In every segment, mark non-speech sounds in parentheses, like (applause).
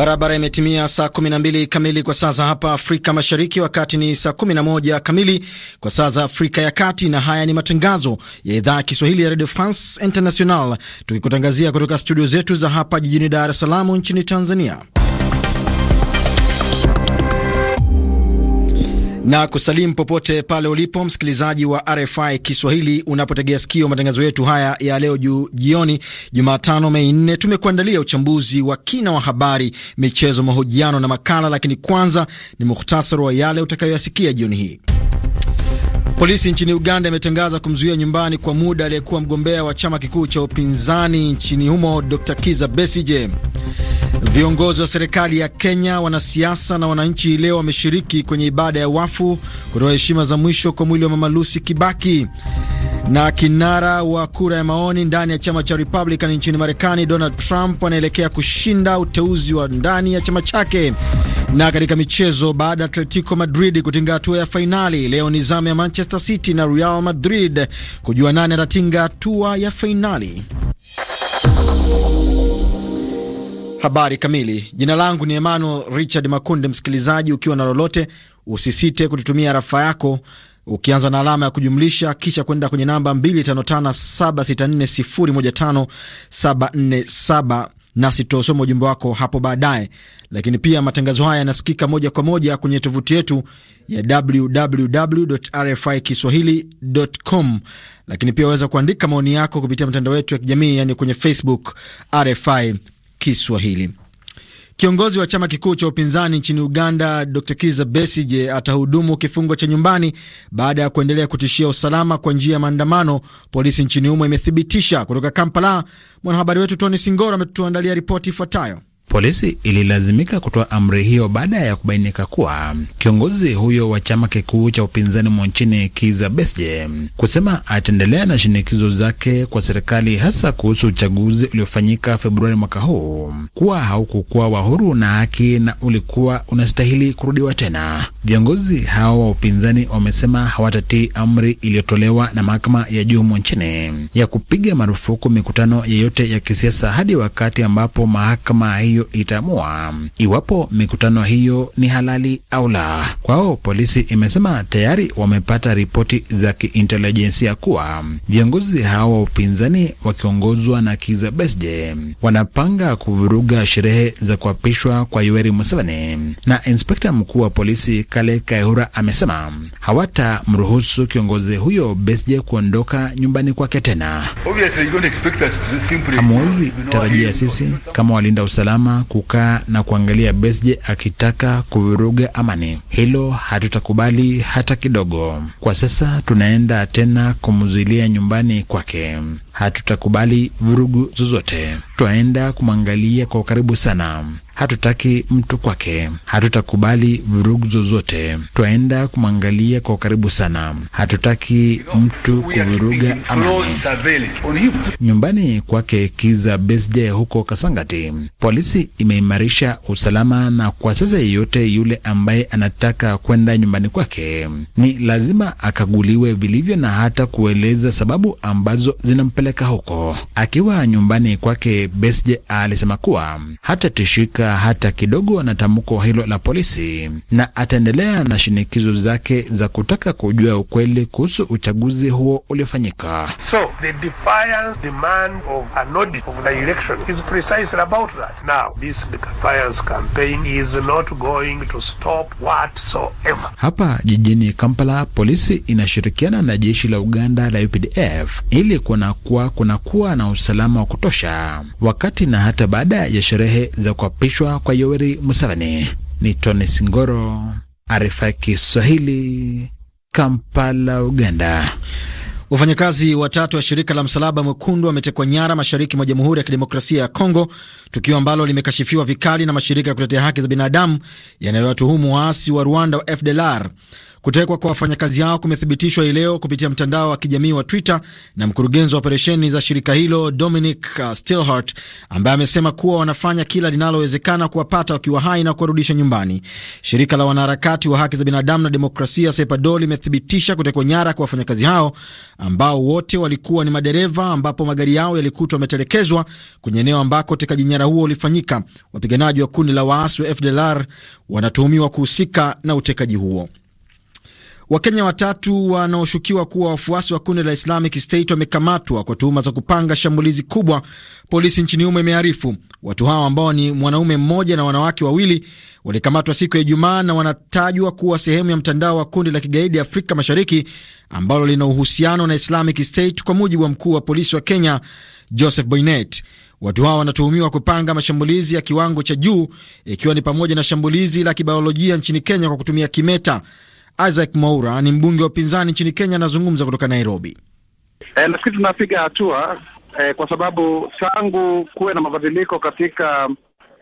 Barabara imetimia saa 12 kamili kwa saa za hapa Afrika Mashariki, wakati ni saa 11 kamili kwa saa za Afrika ya Kati. Na haya ni matangazo ya idhaa ya Kiswahili ya Radio France International, tukikutangazia kutoka studio zetu za hapa jijini Dar es Salaam nchini Tanzania. na kusalimu popote pale ulipo msikilizaji wa RFI Kiswahili unapotegea sikio matangazo yetu haya ya leo juu jioni, Jumatano Mei nne. Tumekuandalia uchambuzi wa kina wa habari, michezo, mahojiano na makala, lakini kwanza ni muhtasari wa yale utakayoyasikia jioni hii. Polisi nchini Uganda imetangaza kumzuia nyumbani kwa muda aliyekuwa mgombea wa chama kikuu cha upinzani nchini humo Dr. Kiza Besije. Viongozi wa serikali ya Kenya, wanasiasa na wananchi leo wameshiriki kwenye ibada ya wafu kutoa heshima za mwisho kwa mwili wa Mama Lucy Kibaki. Na kinara wa kura ya maoni ndani ya chama cha Republican nchini Marekani, Donald Trump anaelekea kushinda uteuzi wa ndani ya chama chake. Na katika michezo, baada ya Atletico Madrid kutinga hatua ya fainali, leo ni zamu ya Manchester City na Real Madrid kujua nani atatinga hatua ya fainali. Habari kamili. Jina langu ni Emmanuel Richard Makunde. Msikilizaji, ukiwa na lolote, usisite kututumia rafa yako ukianza na alama ya kujumlisha kisha kwenda kwenye namba 255764015747 nasi tutausoma ujumbe wako hapo baadaye. Lakini pia matangazo haya yanasikika moja kwa moja kwenye tovuti yetu ya www RFI kiswahili.com. Lakini pia waweza kuandika maoni yako kupitia mtandao yetu ya kijamii, yani kwenye Facebook RFI Kiswahili. Kiongozi wa chama kikuu cha upinzani nchini Uganda, Dr Kiza Besije atahudumu kifungo cha nyumbani baada ya kuendelea kutishia usalama kwa njia ya maandamano, polisi nchini humo imethibitisha. Kutoka Kampala, mwanahabari wetu Tony Singoro ametuandalia ripoti ifuatayo. Polisi ililazimika kutoa amri hiyo baada ya kubainika kuwa kiongozi huyo wa chama kikuu cha upinzani mwa nchini Kiza Besje kusema ataendelea na shinikizo zake kwa serikali, hasa kuhusu uchaguzi uliofanyika Februari mwaka huu kuwa haukukuwa wa huru na haki na ulikuwa unastahili kurudiwa tena. Viongozi hao wa upinzani wamesema hawatatii amri iliyotolewa na mahakama ya juu humo nchini ya kupiga marufuku mikutano yeyote ya kisiasa hadi wakati ambapo mahakama hiyo hiyo itaamua iwapo mikutano hiyo ni halali au la. Kwao polisi imesema tayari wamepata ripoti za kiintelijensia kuwa viongozi hao wa upinzani wakiongozwa na Kiza Besje wanapanga kuvuruga sherehe za kuapishwa kwa Yoweri Museveni, na inspekta mkuu wa polisi Kale Kaihura amesema hawatamruhusu kiongozi huyo Besje kuondoka nyumbani kwake tena. Hamwezi tarajia sisi kama walinda usalama kusimama kukaa na kuangalia Besje akitaka kuvuruga amani. Hilo hatutakubali hata kidogo. Kwa sasa tunaenda tena kumzuilia nyumbani kwake. Hatutakubali vurugu zozote, twaenda kumwangalia kwa ukaribu sana hatutaki mtu kwake, hatutakubali vurugu zozote, twaenda kumwangalia kwa karibu sana, hatutaki mtu kuvuruga amani. Nyumbani kwake Kiza Besje huko Kasangati, polisi imeimarisha usalama, na kwa sasa yeyote yule ambaye anataka kwenda nyumbani kwake ni lazima akaguliwe vilivyo na hata kueleza sababu ambazo zinampeleka huko. Akiwa nyumbani kwake, Besje alisema kuwa hatatishika kukataa hata kidogo na tamko hilo la polisi, na ataendelea na shinikizo zake za kutaka kujua ukweli kuhusu uchaguzi huo uliofanyika. So, the defiance demand of an audit of the election is precisely about that. Now, this defiance campaign is not going to stop whatsoever. Hapa jijini Kampala, polisi inashirikiana na jeshi la Uganda la UPDF ili kunakuwa kunakuwa na usalama wa kutosha wakati na hata baada ya sherehe za kuapishwa kuhamishwa kwa Yoweri Museveni. Ni Tony Singoro, arifa ya Kiswahili, Kampala, Uganda. Wafanyakazi watatu wa shirika la Msalaba Mwekundu wametekwa nyara mashariki mwa Jamhuri ya Kidemokrasia ya Kongo, tukio ambalo limekashifiwa vikali na mashirika ya kutetea haki za binadamu yanayowatuhumu waasi wa Rwanda wa FDLR. Kutekwa kwa wafanyakazi hao kumethibitishwa hii leo kupitia mtandao wa kijamii wa Twitter na mkurugenzi wa operesheni za shirika hilo Dominic uh, Stillhart ambaye amesema kuwa wanafanya kila linalowezekana kuwapata wakiwa hai na kuwarudisha nyumbani. Shirika la wanaharakati wa haki za binadamu na demokrasia SEPADO limethibitisha kutekwa nyara kwa wafanyakazi hao ambao wote walikuwa ni madereva, ambapo magari yao yalikutwa yametelekezwa kwenye eneo ambako utekaji nyara huo ulifanyika. Wapiganaji wa kundi la waasi wa FDLR wanatuhumiwa kuhusika na utekaji huo. Wakenya watatu wanaoshukiwa kuwa wafuasi wa kundi la Islamic State wamekamatwa kwa tuhuma za kupanga shambulizi kubwa, polisi nchini humo imearifu. Watu hao ambao ni mwanaume mmoja na wanawake wawili walikamatwa siku ya Ijumaa na wanatajwa kuwa sehemu ya mtandao wa kundi la kigaidi Afrika Mashariki ambalo lina uhusiano na Islamic State, kwa mujibu wa mkuu wa polisi wa Kenya Joseph Boynet. Watu hao wanatuhumiwa kupanga mashambulizi ya kiwango cha juu, ikiwa ni pamoja na shambulizi la kibiolojia nchini Kenya kwa kutumia kimeta. Isaac Mwaura ni mbunge wa upinzani nchini Kenya, anazungumza kutoka Nairobi. E, nafikiri tunapiga hatua e, kwa sababu tangu kuwe na mabadiliko katika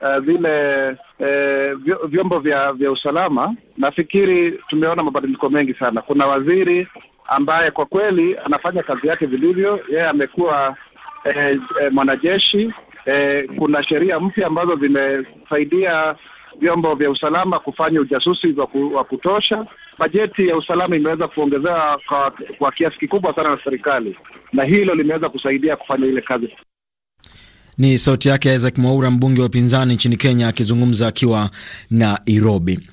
Uh, vile uh, vyombo vya vya usalama nafikiri tumeona mabadiliko mengi sana. Kuna waziri ambaye kwa kweli anafanya kazi yake vilivyo, yeye amekuwa uh, uh, mwanajeshi uh, kuna sheria mpya ambazo zimesaidia vyombo vya usalama kufanya ujasusi wa kutosha. Bajeti ya usalama imeweza kuongezewa kwa, kwa kiasi kikubwa sana na serikali, na hilo limeweza kusaidia kufanya ile kazi. Ni sauti yake Isaac Mwaura, mbunge wa upinzani nchini Kenya, akizungumza akiwa na Nairobi.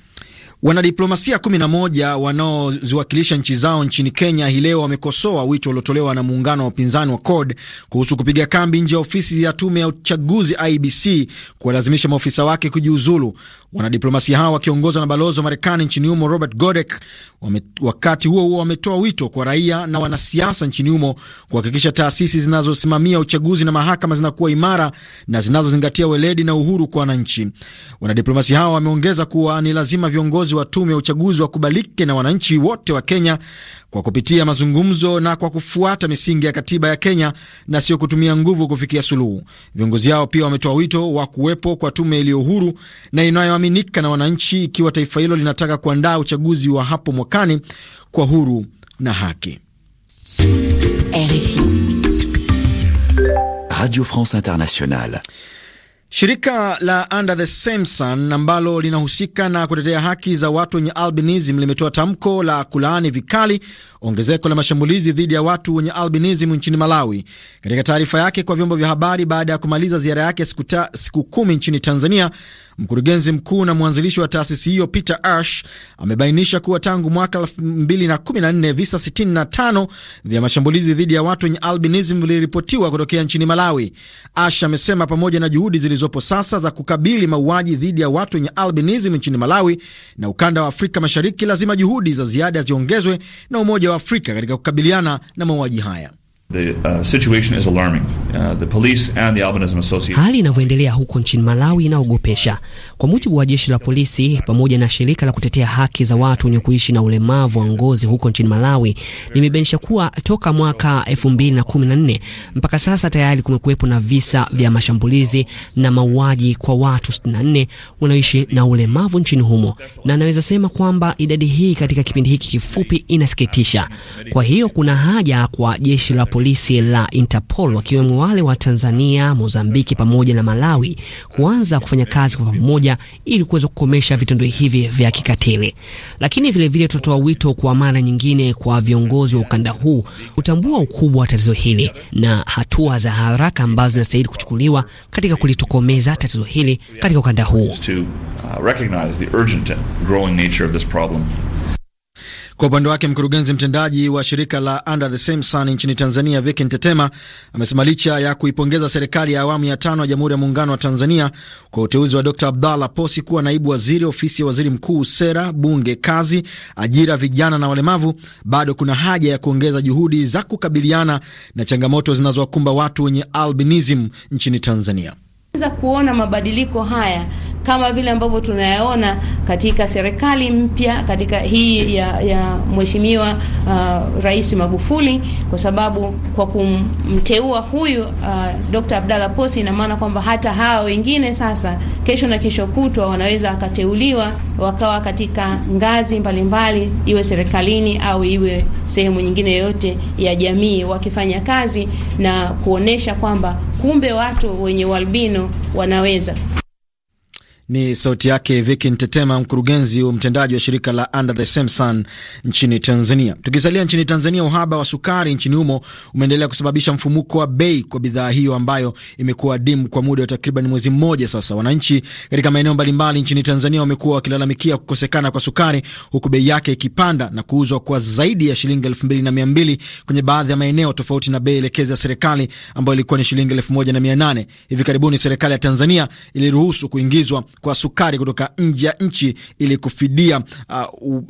Wanadiplomasia 11 wanaoziwakilisha nchi zao nchini Kenya hii leo wamekosoa wito uliotolewa na muungano wa upinzani wa CORD kuhusu kupiga kambi nje ya ofisi ya tume ya uchaguzi IBC kuwalazimisha maofisa wake kujiuzulu. Wanadiplomasia hao wakiongozwa na balozi wa Marekani nchini humo Robert Godek wame, wakati huo huo wametoa wito kwa raia na wanasiasa nchini humo kuhakikisha taasisi zinazosimamia uchaguzi na mahakama zinakuwa imara na zinazozingatia weledi na uhuru kwa wananchi. Wanadiplomasia hao wameongeza kuwa ni lazima viongozi wa tume ya uchaguzi wakubalike na wananchi wote wa Kenya kwa kupitia mazungumzo na kwa kufuata misingi ya katiba ya Kenya na sio kutumia nguvu kufikia suluhu. Viongozi hao pia wametoa wito wa kuwepo kwa tume iliyo huru na inayoaminika na wananchi ikiwa taifa hilo linataka kuandaa uchaguzi wa hapo mwakani kwa huru na haki. RFI Radio France Internationale. Shirika la Under the Same Sun ambalo linahusika na kutetea haki za watu wenye albinism limetoa tamko la kulaani vikali ongezeko la mashambulizi dhidi ya watu wenye albinism nchini Malawi. Katika taarifa yake kwa vyombo vya habari baada ya kumaliza ziara yake siku, ta, siku kumi nchini Tanzania, Mkurugenzi mkuu na mwanzilishi wa taasisi hiyo Peter Ash amebainisha kuwa tangu mwaka 2014 visa 65 vya mashambulizi dhidi ya watu wenye albinism viliripotiwa kutokea nchini Malawi. Ash amesema pamoja na juhudi zilizopo sasa za kukabili mauaji dhidi ya watu wenye albinism nchini Malawi na ukanda wa Afrika Mashariki, lazima juhudi za ziada ziongezwe na Umoja wa Afrika katika kukabiliana na mauaji haya. The, uh, situation is alarming. Uh, the police and the Albinism Association. Hali inavyoendelea huko nchini Malawi inaogopesha. Kwa mujibu wa jeshi la polisi pamoja na shirika la kutetea haki za watu wenye kuishi na ulemavu wa ngozi huko nchini Malawi limebainisha kuwa toka mwaka 2014 mpaka sasa tayari kumekuwepo na visa vya mashambulizi na mauaji kwa watu 64 wanaoishi na ulemavu nchini humo, na naweza sema kwamba idadi hii katika kipindi hiki kifupi inasikitisha. Kwa hiyo kuna haja kwa jeshi la polisi la Interpol wakiwemo wale wa Tanzania, Mozambiki pamoja na Malawi kuanza kufanya kazi kwa pamoja ili kuweza kukomesha vitendo hivi vya kikatili. Lakini vilevile tunatoa wito kwa mara nyingine kwa viongozi wa ukanda huu kutambua ukubwa wa tatizo hili na hatua za haraka ambazo zinastahili kuchukuliwa katika kulitokomeza tatizo hili katika ukanda huu. Kwa upande wake mkurugenzi mtendaji wa shirika la Under the Same Sun nchini Tanzania, Vicky Ntetema amesema licha ya kuipongeza serikali ya awamu ya tano ya Jamhuri ya Muungano wa Tanzania kwa uteuzi wa Dr Abdallah Posi kuwa naibu waziri ofisi ya waziri mkuu, sera, bunge, kazi, ajira, vijana na walemavu, bado kuna haja ya kuongeza juhudi za kukabiliana na changamoto zinazowakumba watu wenye albinism nchini Tanzania za kuona mabadiliko haya kama vile ambavyo tunayaona katika serikali mpya katika hii ya, ya mheshimiwa uh, Rais Magufuli, kwa sababu kwa kumteua huyu uh, Dr. Abdalla Posi, ina maana kwamba hata hawa wengine sasa kesho na kesho kutwa wanaweza wakateuliwa wakawa katika ngazi mbalimbali mbali, iwe serikalini au iwe sehemu nyingine yoyote ya jamii, wakifanya kazi na kuonesha kwamba kumbe watu wenye ualbino wanaweza. Ni sauti yake Viki Ntetema, mkurugenzi wa mtendaji wa shirika la Under the Same Sun nchini Tanzania. Tukisalia nchini Tanzania, uhaba wa sukari nchini humo umeendelea kusababisha mfumuko wa bei kwa bidhaa hiyo ambayo imekuwa adimu kwa muda wa takriban mwezi mmoja sasa. Wananchi katika maeneo mbalimbali nchini Tanzania wamekuwa wakilalamikia kukosekana kwa sukari, huku bei yake ikipanda na kuuzwa kwa zaidi ya shilingi elfu mbili na mia mbili kwenye baadhi ya maeneo, tofauti na bei elekezi ya serikali ambayo ilikuwa ni shilingi elfu moja na mia nane. Hivi karibuni serikali ya Tanzania iliruhusu kuingizwa kwa sukari kutoka nje ya nchi ili kufidia, uh,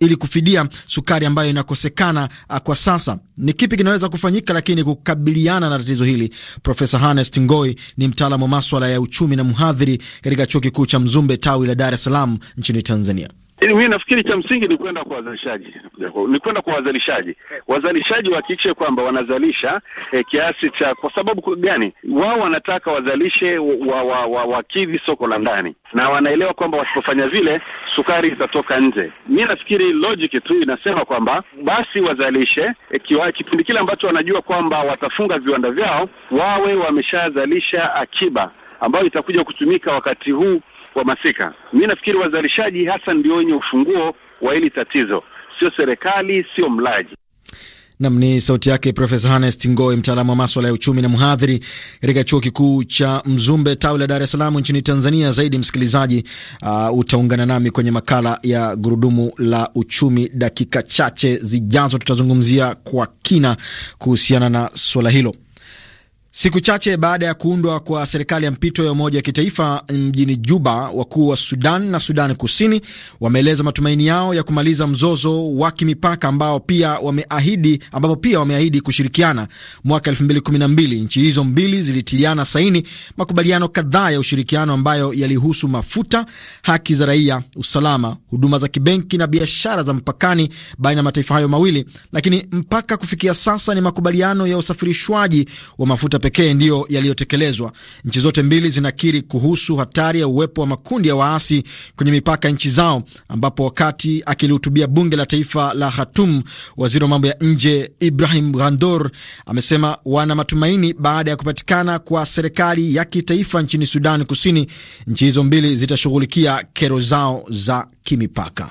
ili kufidia sukari ambayo inakosekana uh, kwa sasa. Ni kipi kinaweza kufanyika lakini kukabiliana na tatizo hili? Profesa Hannes Tingoi ni mtaalamu wa maswala ya uchumi na mhadhiri katika chuo kikuu cha Mzumbe tawi la Dar es Salaam nchini Tanzania mimi nafikiri cha msingi ni kwenda kwa wazalishaji, ni kwenda kwa wazalishaji. Wazalishaji wahakikishe kwamba wanazalisha eh, kiasi cha. Kwa sababu gani? Wao wanataka wazalishe wa, wa, wa, wakidhi soko la ndani, na wanaelewa kwamba wasipofanya vile sukari itatoka nje. Mi nafikiri logic tu inasema kwamba basi wazalishe eh, kiwa, kipindi kile ambacho wanajua kwamba watafunga viwanda vyao wawe wameshazalisha akiba ambayo itakuja kutumika wakati huu masika. Mi nafikiri wazalishaji hasa ndio wenye ufunguo wa hili tatizo, sio serikali, sio mlaji. Nam ni sauti yake Profesa Hannes Ngoe, mtaalamu wa maswala ya uchumi na mhadhiri katika chuo kikuu cha Mzumbe, tawi la Dar es Salaam nchini Tanzania. Zaidi msikilizaji, uh, utaungana nami kwenye makala ya gurudumu la uchumi dakika chache zijazo. Tutazungumzia kwa kina kuhusiana na swala hilo. Siku chache baada ya kuundwa kwa serikali ya mpito ya umoja wa kitaifa mjini Juba, wakuu wa Sudan na Sudan Kusini wameeleza matumaini yao ya kumaliza mzozo wa kimipaka ambao pia wameahidi ambapo pia wameahidi kushirikiana. Mwaka 2012 nchi hizo mbili zilitiliana saini makubaliano kadhaa ya ushirikiano ambayo yalihusu mafuta, haki za raia, usalama, huduma za kibenki na biashara za mpakani baina ya mataifa hayo mawili, lakini mpaka kufikia sasa ni makubaliano ya usafirishwaji wa mafuta pekee ndiyo yaliyotekelezwa. Nchi zote mbili zinakiri kuhusu hatari ya uwepo wa makundi ya waasi kwenye mipaka ya nchi zao, ambapo wakati akilihutubia bunge la taifa la Khartoum, waziri wa mambo ya nje Ibrahim Ghandor amesema wana matumaini baada ya kupatikana kwa serikali ya kitaifa nchini Sudan Kusini, nchi hizo mbili zitashughulikia kero zao za kimipaka.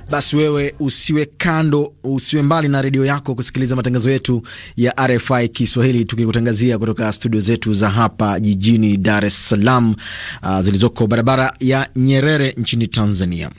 basi wewe usiwe kando, usiwe mbali na redio yako kusikiliza matangazo yetu ya RFI Kiswahili, tukikutangazia kutoka studio zetu za hapa jijini Dar es Salaam, uh, zilizoko barabara ya Nyerere nchini Tanzania.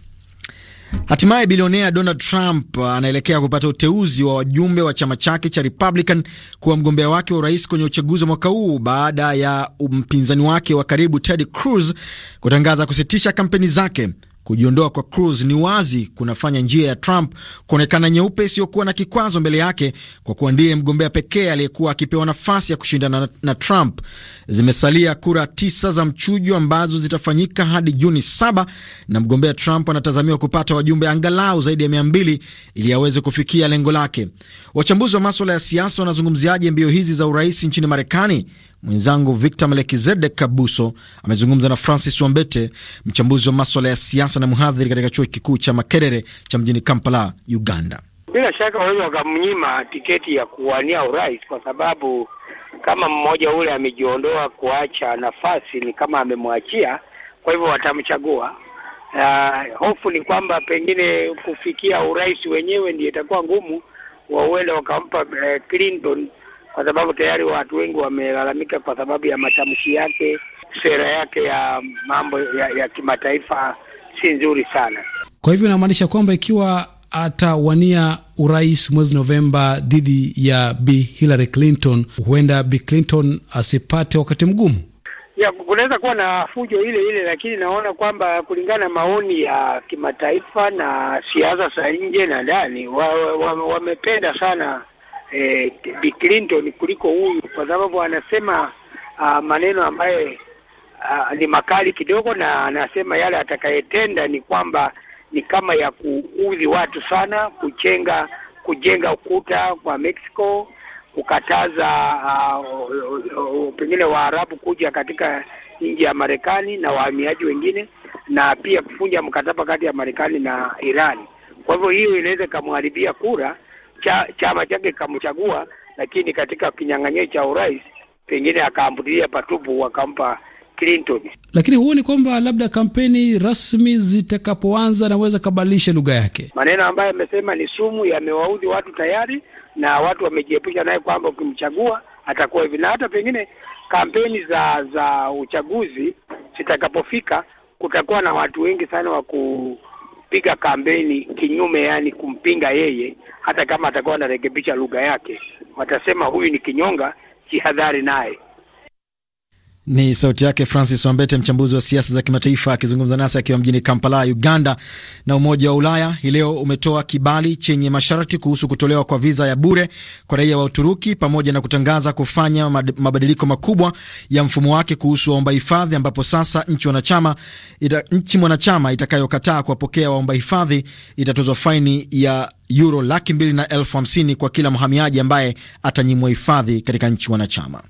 Hatimaye bilionea Donald Trump anaelekea kupata uteuzi wa wajumbe wa chama chake cha Republican kuwa mgombea wake wa urais kwenye uchaguzi wa mwaka huu baada ya mpinzani wake wa karibu Ted Cruz kutangaza kusitisha kampeni zake. Kujiondoa kwa Cruz ni wazi kunafanya njia ya Trump kuonekana nyeupe isiyokuwa na kikwazo mbele yake, kwa kuwa ndiye mgombea pekee aliyekuwa akipewa nafasi ya kushindana na, Trump. Zimesalia kura tisa za mchujo ambazo zitafanyika hadi Juni saba na mgombea Trump anatazamiwa kupata wajumbe angalau zaidi ya mia mbili ili aweze kufikia lengo lake. Wachambuzi wa maswala ya siasa wanazungumziaje mbio hizi za urais nchini Marekani? Mwenzangu Victor Melekizede Kabuso amezungumza na Francis Wambete, mchambuzi wa maswala ya siasa na mhadhiri katika chuo kikuu cha Makerere cha mjini Kampala, Uganda. Bila shaka waweza wakamnyima tiketi ya kuwania urais kwa sababu kama mmoja ule amejiondoa kuacha nafasi, ni kama amemwachia, kwa hivyo watamchagua. Uh, hofu ni kwamba pengine kufikia urais wenyewe ndio itakuwa ngumu, wauenda wakampa uh, Clinton kwa sababu tayari watu wengi wamelalamika kwa sababu ya matamshi yake. Sera yake ya mambo ya, ya kimataifa si nzuri sana. Kwa hivyo inamaanisha kwamba ikiwa atawania urais mwezi Novemba dhidi ya Bi Hillary Clinton, huenda Bi Clinton asipate wakati mgumu ya kunaweza kuwa na fujo ile ile, lakini naona kwamba kulingana na maoni ya kimataifa na siasa za nje na ndani wamependa wa, wa sana eh, Bi Clinton kuliko huyu, kwa sababu anasema uh, maneno ambayo uh, ni makali kidogo, na anasema yale atakayetenda ni kwamba ni kama ya kuudhi watu sana, kuchenga kujenga ukuta kwa Mexico, kukataza uh, pengine Waarabu kuja katika nchi ya Marekani na wahamiaji wengine, na pia kufunja mkataba kati ya Marekani na Irani. Kwa hivyo hiyo inaweza ikamharibia kura cha, chama chake kikamchagua, lakini katika kinyang'anyio cha urais pengine akaambulia patupu, wakampa Clinton. Lakini huoni kwamba labda kampeni rasmi zitakapoanza naweza kabadilisha lugha yake? Maneno ambayo amesema ni sumu, yamewaudhi watu tayari, na watu wamejiepusha naye kwamba ukimchagua atakuwa hivi, na hata pengine kampeni za za uchaguzi zitakapofika, kutakuwa na watu wengi sana wa ku kupiga kampeni kinyume, yani kumpinga yeye, hata kama atakuwa anarekebisha lugha yake, watasema huyu ni kinyonga, jihadhari naye. Ni sauti yake Francis Wambete, mchambuzi wa siasa za kimataifa akizungumza nasi akiwa mjini Kampala, Uganda. Na Umoja wa Ulaya hii leo umetoa kibali chenye masharti kuhusu kutolewa kwa viza ya bure kwa raia wa Uturuki pamoja na kutangaza kufanya mabadiliko makubwa ya mfumo wake kuhusu waomba hifadhi, ambapo sasa nchi wanachama ita, nchi mwanachama itakayokataa kuwapokea waomba hifadhi itatozwa faini ya yuro laki mbili na elfu hamsini kwa kila mhamiaji ambaye atanyimwa hifadhi katika nchi wanachama.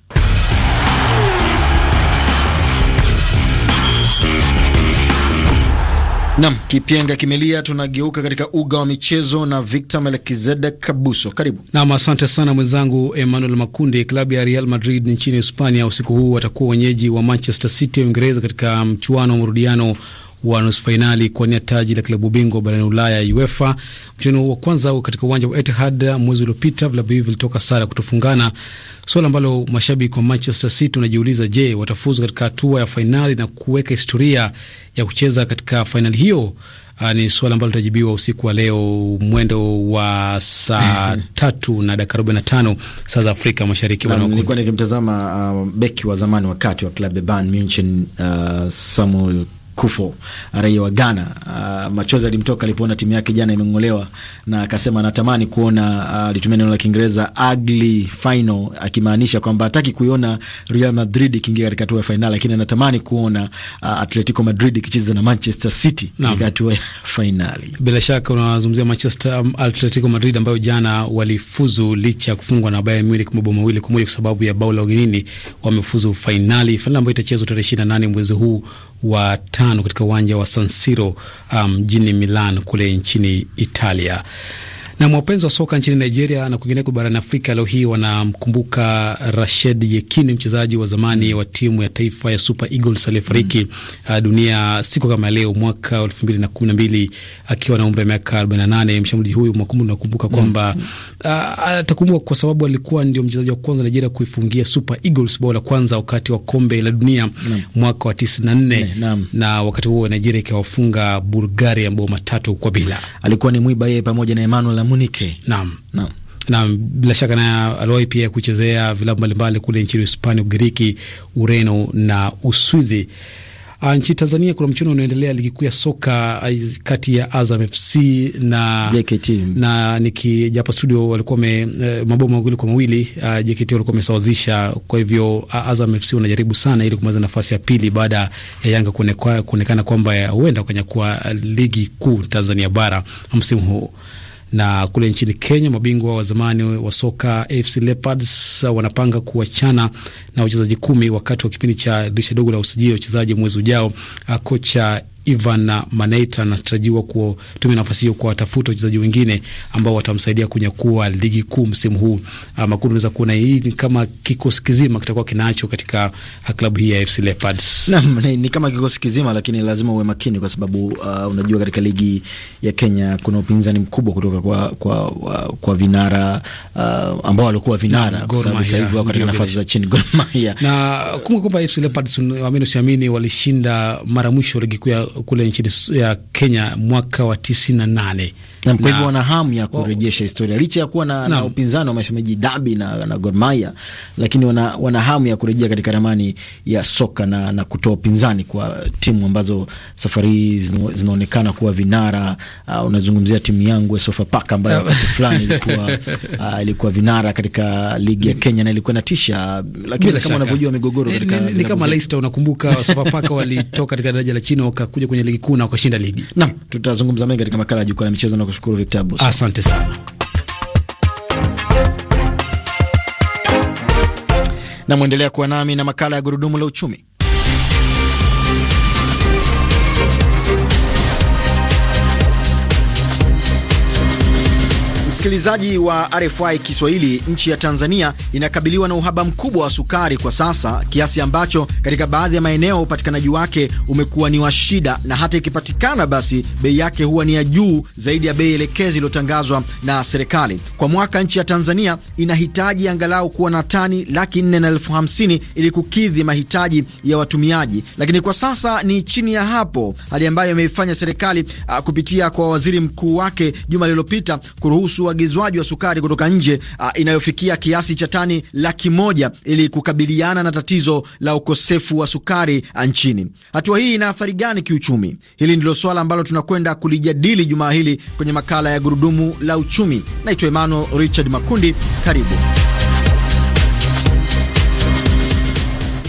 Nam kipenga kimelia, tunageuka katika uga wa michezo na Victor Melkizedek Kabuso, karibu nam. Asante sana mwenzangu Emmanuel Makundi. Klabu ya Real Madrid nchini Hispania usiku huu watakuwa wenyeji wa Manchester City ya Uingereza katika mchuano wa marudiano wa nusu fainali kuwania taji la klabu bingwa barani Ulaya ya UEFA. Mchezo wa kwanza katika uwanja wa Etihad mwezi uliopita, vilabu hivi vilitoka sara kutofungana, swala ambalo mashabiki wa Manchester City wanajiuliza, je, watafuzu katika hatua ya fainali na kuweka historia ya kucheza katika fainali hiyo? Ah, ni swala ambalo litajibiwa usiku wa leo mwendo wa saa (clears throat) tatu na dakika arobaini na tano saa za Afrika Mashariki. Nilikuwa nikimtazama uh, beki wa zamani wakati wa klabu ya Bayern Munich uh, Samuel Akufo, uh, raia wa Ghana. Uh, machozi alimtoka alipoona timu yake jana imeng'olewa, na akasema anatamani kuona, uh, alitumia uh, neno la Kiingereza ugly final, akimaanisha kwamba hataki kuiona Real Madrid ikiingia katika hatua ya fainali, lakini anatamani kuona uh, Atletico Madrid ikicheza na Manchester City katika hatua ya fainali. Bila shaka unazungumzia Manchester um, Atletico Madrid ambayo jana walifuzu licha ya kufungwa na Bayern Munich mabao mawili kwa moja kwa sababu ya bao la ugenini, wamefuzu fainali, fainali ambayo itachezwa tarehe 28 mwezi huu wa tano katika uwanja wa San Siro mjini um, Milan kule nchini Italia. Na wapenzi wa soka nchini Nigeria na kwingineko barani Afrika leo hii wanamkumbuka Rashed Yekini, mchezaji wa zamani wa timu ya taifa ya Super Eagles aliyefariki mm. dunia siku kama leo mwaka elfu mbili na kumi na mbili akiwa na umri wa miaka arobaini na nane. Mshambuliaji huyu mwakumbu nakumbuka kwamba mm. Uh, atakumbuka kwa sababu alikuwa ndio mchezaji wa kwanza Nigeria kuifungia Super Eagles bao la kwanza wakati wa kombe la dunia mm. mwaka wa tisini na nne mm. na wakati huo Nigeria ikawafunga Bulgaria mabao matatu kwa bila. Alikuwa ni mwiba yeye pamoja na Emmanuel Munike. Naam, naam na bila shaka na aliwahi pia kuchezea vilabu mbalimbali kule nchini Hispania, Ugiriki, Ureno na Uswizi. Ah, nchini Tanzania kuna mchuano unaoendelea ligi kuu ya soka ah, kati ya Azam FC na JKT. Na nikija studio walikuwa me uh, eh, mabomu mawili kwa mawili uh, ah, JKT walikuwa wamesawazisha. Kwa hivyo Azam FC unajaribu sana ili kumaliza nafasi ya pili baada ya Yanga kuonekana kwamba huenda kwenye kwa ligi kuu Tanzania bara msimu huu. Na kule nchini Kenya, mabingwa wa zamani wa soka AFC Leopards wanapanga kuachana na wachezaji kumi wakati wa kipindi cha dirisha dogo la usajili wa wachezaji mwezi ujao. Uh, kocha Ivan Manaita anatarajiwa kutumia nafasi hiyo kuwatafuta wachezaji wengine ambao watamsaidia kunyakua ligi kuu msimu huu. Makundi unaweza kuona hii ni kama kikosi kizima kitakuwa kinacho katika klabu hii ya FC Leopards. Naam, ni, ni kama kikosi kizima, lakini lazima uwe makini kwa sababu uh, unajua katika ligi ya Kenya kuna upinzani mkubwa kutoka kwa kwa, kwa, kwa vinara uh, ambao walikuwa vinara sasa hivi wako katika nafasi za chini (laughs) Gor Mahia. Na kumbuka kwamba FC Leopards, amini usiamini, walishinda mara mwisho ligi kuu ya kule nchini ya Kenya mwaka wa tisini na nane na kwa hivyo wana hamu ya kurejesha historia licha ya kuwa na, na upinzani wa mashemeji Dabi na, na Gor Mahia, lakini wana, wana hamu ya kurejea katika ramani ya soka na, na kutoa upinzani kwa timu ambazo safari hii zinaonekana kuwa vinara. Uh, unazungumzia timu yangu ya Sofapaka ambayo wakati fulani ilikuwa, (laughs) uh, ilikuwa vinara katika ligi ya Kenya na ilikuwa natisha, lakini kama unavyojua migogoro katika ni kama Leicester, unakumbuka (laughs) Sofapaka walitoka katika daraja la chini wakakuja kwenye ligi kuu na wakashinda ligi. Naam, tutazungumza mengi katika makala ya jukwaa la michezo na kushukuru Victor Abuso, asante sana. Na mwendelea kuwa nami na makala ya gurudumu la uchumi. Msikilizaji wa RFI Kiswahili, nchi ya Tanzania inakabiliwa na uhaba mkubwa wa sukari kwa sasa, kiasi ambacho katika baadhi ya maeneo upatikanaji wake umekuwa ni wa shida, na hata ikipatikana, basi bei yake huwa ni ya juu zaidi ya bei elekezi iliyotangazwa na serikali. Kwa mwaka nchi ya Tanzania inahitaji angalau kuwa na tani laki nne na elfu hamsini ili kukidhi mahitaji ya watumiaji, lakini kwa sasa ni chini ya hapo, hali ambayo imeifanya serikali ah, kupitia kwa waziri mkuu wake juma lililopita kuruhusu uagizwaji wa sukari kutoka nje uh, inayofikia kiasi cha tani laki moja ili kukabiliana na tatizo la ukosefu wa sukari ah, nchini. Hatua hii ina athari gani kiuchumi? Hili ndilo swala ambalo tunakwenda kulijadili jumaa hili kwenye makala ya Gurudumu la Uchumi. Naitwa Emmanuel Richard Makundi, karibu.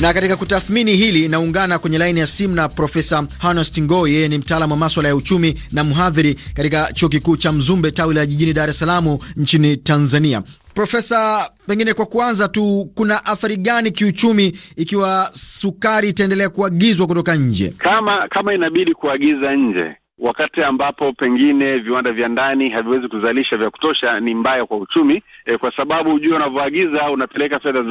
Na katika kutathmini hili naungana kwenye laini ya simu na Profesa Honest Ngoi. Yeye ni mtaalamu wa maswala ya uchumi na mhadhiri katika chuo kikuu cha Mzumbe tawi la jijini Dar es Salaam nchini Tanzania. Profesa, pengine kwa kuanza tu, kuna athari gani kiuchumi ikiwa sukari itaendelea kuagizwa kutoka nje, kama kama inabidi kuagiza nje wakati ambapo pengine viwanda vya ndani haviwezi kuzalisha vya kutosha, ni mbaya kwa uchumi e, kwa sababu ujue unavyoagiza unapeleka fedha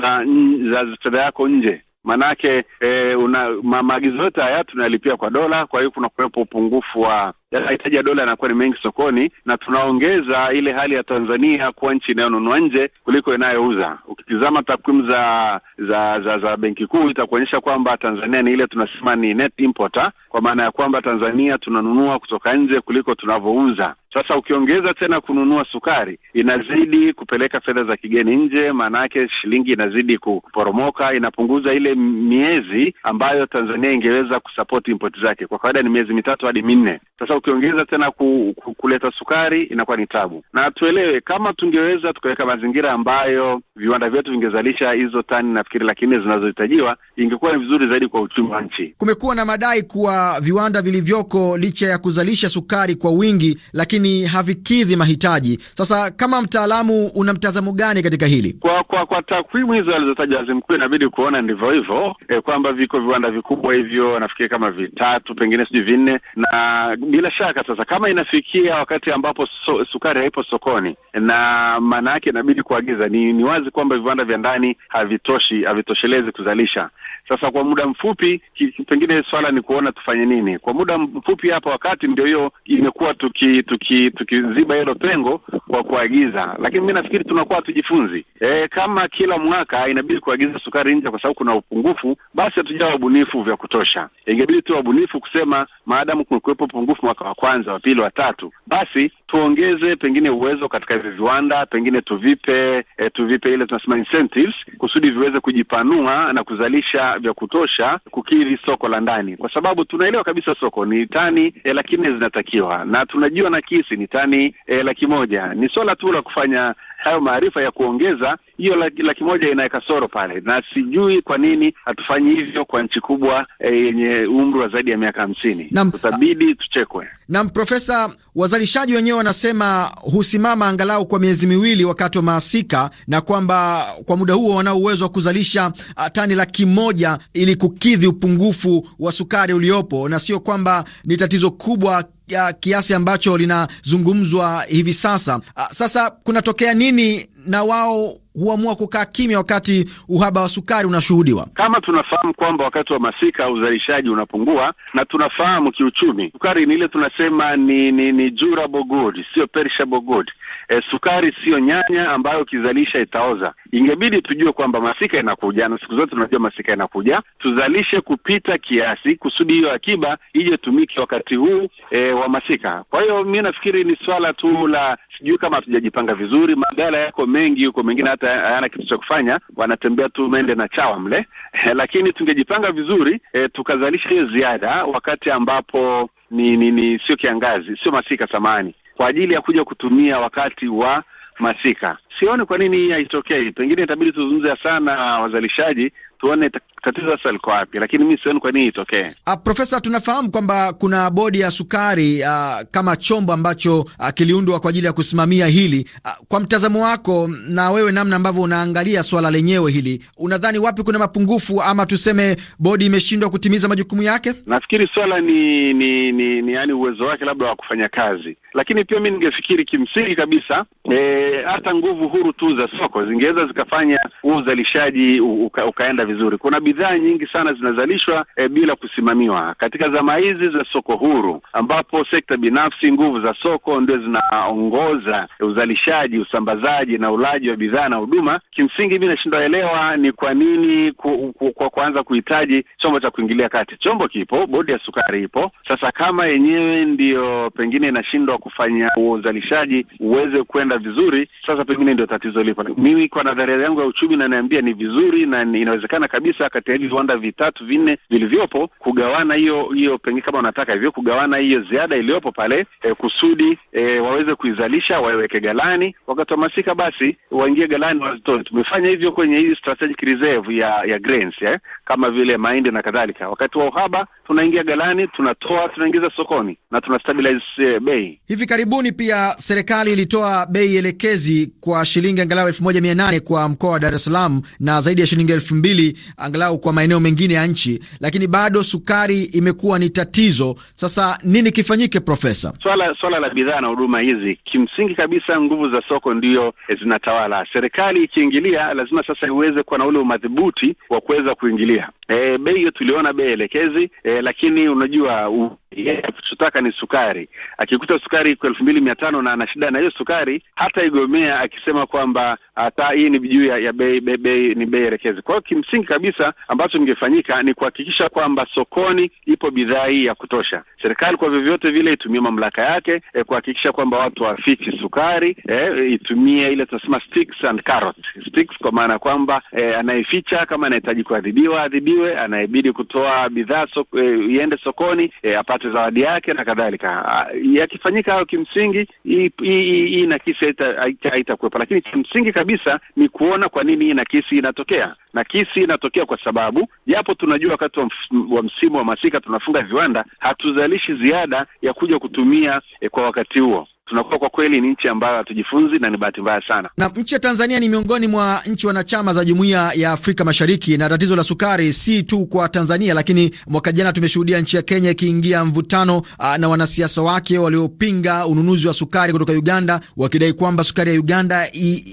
za fedha yako nje maanake eh, maagizo yote haya tunayalipia kwa dola, kwa hiyo kuna kuwepo upungufu wa mahitaji ya dola yanakuwa ni mengi sokoni, na tunaongeza ile hali ya Tanzania kuwa nchi inayonunua nje kuliko inayouza. Ukitizama takwimu za za za, za Benki Kuu itakuonyesha kwamba Tanzania ni ile tunasema ni net importer, kwa maana ya kwamba Tanzania tunanunua kutoka nje kuliko tunavyouza. Sasa ukiongeza tena kununua sukari, inazidi kupeleka fedha za kigeni nje, maana yake shilingi inazidi kuporomoka, inapunguza ile miezi ambayo Tanzania ingeweza kusapoti import zake. Kwa kawaida ni miezi mitatu hadi minne. Sasa ukiongeza tena ku, ku, kuleta sukari inakuwa ni tabu, na tuelewe, kama tungeweza tukaweka mazingira ambayo viwanda vyetu vingezalisha hizo tani nafikiri laki nne zinazohitajiwa, ingekuwa ni vizuri zaidi kwa uchumi wa nchi. Kumekuwa na madai kuwa viwanda vilivyoko licha ya kuzalisha sukari kwa wingi, lakini havikidhi mahitaji. Sasa kama mtaalamu, una mtazamo gani katika hili? Kwa kwa, kwa takwimu hizo alizotaja waziri mkuu, inabidi kuona ndivyo hivyo eh, kwamba viko viwanda vikubwa hivyo nafikiri kama vitatu pengine sijui vinne, na bila shaka sasa kama inafikia wakati ambapo so, sukari haipo sokoni na maana yake inabidi kuagiza, ni, ni wazi kwamba viwanda vya ndani havitoshi havitoshelezi kuzalisha sasa kwa muda mfupi pengine swala ni kuona tufanye nini kwa muda mfupi hapa, wakati ndio hiyo imekuwa tukiziba tuki, tuki hilo pengo kwa kuagiza, lakini mi nafikiri tunakuwa hatujifunzi. E, kama kila mwaka inabidi kuagiza sukari nje kwa sababu kuna upungufu, basi hatujawa wabunifu vya kutosha. Ingebidi tu wabunifu kusema maadamu kumekuwepo upungufu mwaka wa kwanza, wa pili, wa tatu, basi tuongeze pengine uwezo katika hivi viwanda, pengine tuvipe e, tuvipe ile tunasema incentives kusudi viweze kujipanua na kuzalisha vya kutosha kukidhi soko la ndani, kwa sababu tunaelewa kabisa soko ni tani eh, laki nne zinatakiwa na tunajua na kisi ni tani eh, laki moja. Ni swala tu la kufanya hayo maarifa ya kuongeza hiyo laki, laki moja ina kasoro pale, na sijui kwa nini hatufanyi hivyo kwa nchi kubwa eh, yenye umri wa zaidi ya miaka hamsini. Tutabidi tuchekwe. Naam, Profesa, wazalishaji wenyewe wanasema husimama angalau kwa miezi miwili wakati wa maasika, na kwamba kwa muda huo wanao uwezo wa kuzalisha ah, tani laki moja ili kukidhi upungufu wa sukari uliopo, na sio kwamba ni tatizo kubwa ya kiasi ambacho linazungumzwa hivi sasa. Ah, sasa kunatokea nini na wao huamua kukaa kimya wakati uhaba wa sukari unashuhudiwa. Kama tunafahamu kwamba wakati wa masika uzalishaji unapungua, na tunafahamu kiuchumi, sukari ni ile tunasema ni ni, ni durable good, sio perishable good. E, sukari siyo nyanya ambayo ukizalisha itaoza. Ingebidi tujue kwamba masika inakuja, na siku zote tunajua masika inakuja, tuzalishe kupita kiasi kusudi hiyo akiba ije tumike wakati huu e, wa masika. Kwa hiyo mi nafikiri ni swala tu la sijui kama hatujajipanga vizuri, maghala yako mengi huko, mengine hata hayana kitu cha kufanya, wanatembea tu mende na chawa mle. (laughs) Lakini tungejipanga vizuri e, tukazalisha hiyo ziada wakati ambapo ni, ni, ni sio kiangazi, sio masika, samani kwa ajili ya kuja kutumia wakati wa masika. Sioni kwa nini hii haitokei. Pengine itabidi tuzungumze sana wazalishaji, tuone tatizo sasa liko wapi? Lakini mi sioni kwa nini itokee. Okay. Ah, profesa, tunafahamu kwamba kuna bodi ya sukari a, ah, kama chombo ambacho ah, kiliundwa kwa ajili ya kusimamia hili a, kwa mtazamo wako na wewe, namna ambavyo unaangalia swala lenyewe hili, unadhani wapi kuna mapungufu ama tuseme bodi imeshindwa kutimiza majukumu yake? Nafikiri swala ni ni, ni, ni yani uwezo wake labda wa kufanya kazi, lakini pia mi ningefikiri kimsingi kabisa e, hata e, nguvu huru tu za soko zingeweza zikafanya huu uzalishaji uka, ukaenda vizuri. Kuna bidhaa nyingi sana zinazalishwa e, bila kusimamiwa katika zama hizi za soko huru, ambapo sekta binafsi, nguvu za soko ndio zinaongoza uzalishaji, usambazaji na ulaji wa bidhaa na huduma. Kimsingi mi nashindoelewa ni kwa nini kwa kuanza kuhitaji chombo cha kuingilia kati. Chombo kipo, bodi ya sukari ipo. Sasa kama yenyewe ndiyo pengine inashindwa kufanya uzalishaji uweze kwenda vizuri, sasa pengine ndio tatizo lipo. Mimi kwa nadharia yangu ya uchumi naniambia ni vizuri na inawezekana kabisa kati ya hivi viwanda vitatu vinne vilivyopo kugawana hiyo hiyo, pengine kama wanataka hivyo kugawana hiyo ziada iliyopo pale e, kusudi e, waweze kuizalisha waiweke galani, wakati wa masika basi waingie galani wazitoe. Tumefanya hivyo kwenye hii strategic reserve ya ya grains eh, kama vile mahindi na kadhalika. Wakati wa uhaba tunaingia galani, tunatoa, tunaingiza sokoni na tuna stabilize eh, bei. Hivi karibuni pia serikali ilitoa bei elekezi kwa shilingi angalau elfu moja mia nane kwa mkoa wa Dar es Salaam na zaidi ya shilingi elfu mbili angalau angalau kwa maeneo mengine ya nchi, lakini bado sukari imekuwa ni tatizo. Sasa nini kifanyike, Profesa? Swala swala la bidhaa na huduma hizi, kimsingi kabisa, nguvu za soko ndiyo eh, zinatawala. Serikali ikiingilia, lazima sasa iweze kuwa na ule umadhibuti wa kuweza kuingilia. E, bei hiyo tuliona bei elekezi. E, lakini unajua u yeye ni sukari. Akikuta sukari iko elfu mbili mia tano na ana shida na hiyo sukari, hata igomea akisema kwamba hata ah, hii ni juu ya, ya bei bei bei ni bei elekezi. Kwa hiyo kimsingi kabisa ambacho ingefanyika ni kuhakikisha kwamba sokoni ipo bidhaa hii ya kutosha. Serikali kwa vyovyote vile itumie mamlaka yake eh, kuhakikisha kwamba watu wafichi sukari eh, itumie ile tunasema sticks and Sticks kwa maana kwamba eh, anayeficha kama anahitaji kuadhibiwa adhibiwe, anayebidi kutoa bidhaa e, iende so, eh, sokoni eh, apate apate zawadi yake na kadhalika. Ah, yakifanyika hayo, kimsingi hii nakisi haitakuwepo, lakini cha msingi kabisa ni kuona kwa nini hii nakisi inatokea. Nakisi inatokea kwa sababu japo tunajua wakati wa, wa msimu wa masika tunafunga viwanda, hatuzalishi ziada ya kuja kutumia eh, kwa wakati huo tunakuwa kwa kweli ni nchi ambayo hatujifunzi na ni bahati mbaya sana. Na nchi ya Tanzania ni miongoni mwa nchi wanachama za Jumuiya ya Afrika Mashariki, na tatizo la sukari si tu kwa Tanzania, lakini mwaka jana tumeshuhudia nchi ya Kenya ikiingia mvutano na wanasiasa wake waliopinga ununuzi wa sukari kutoka Uganda, wakidai kwamba sukari ya Uganda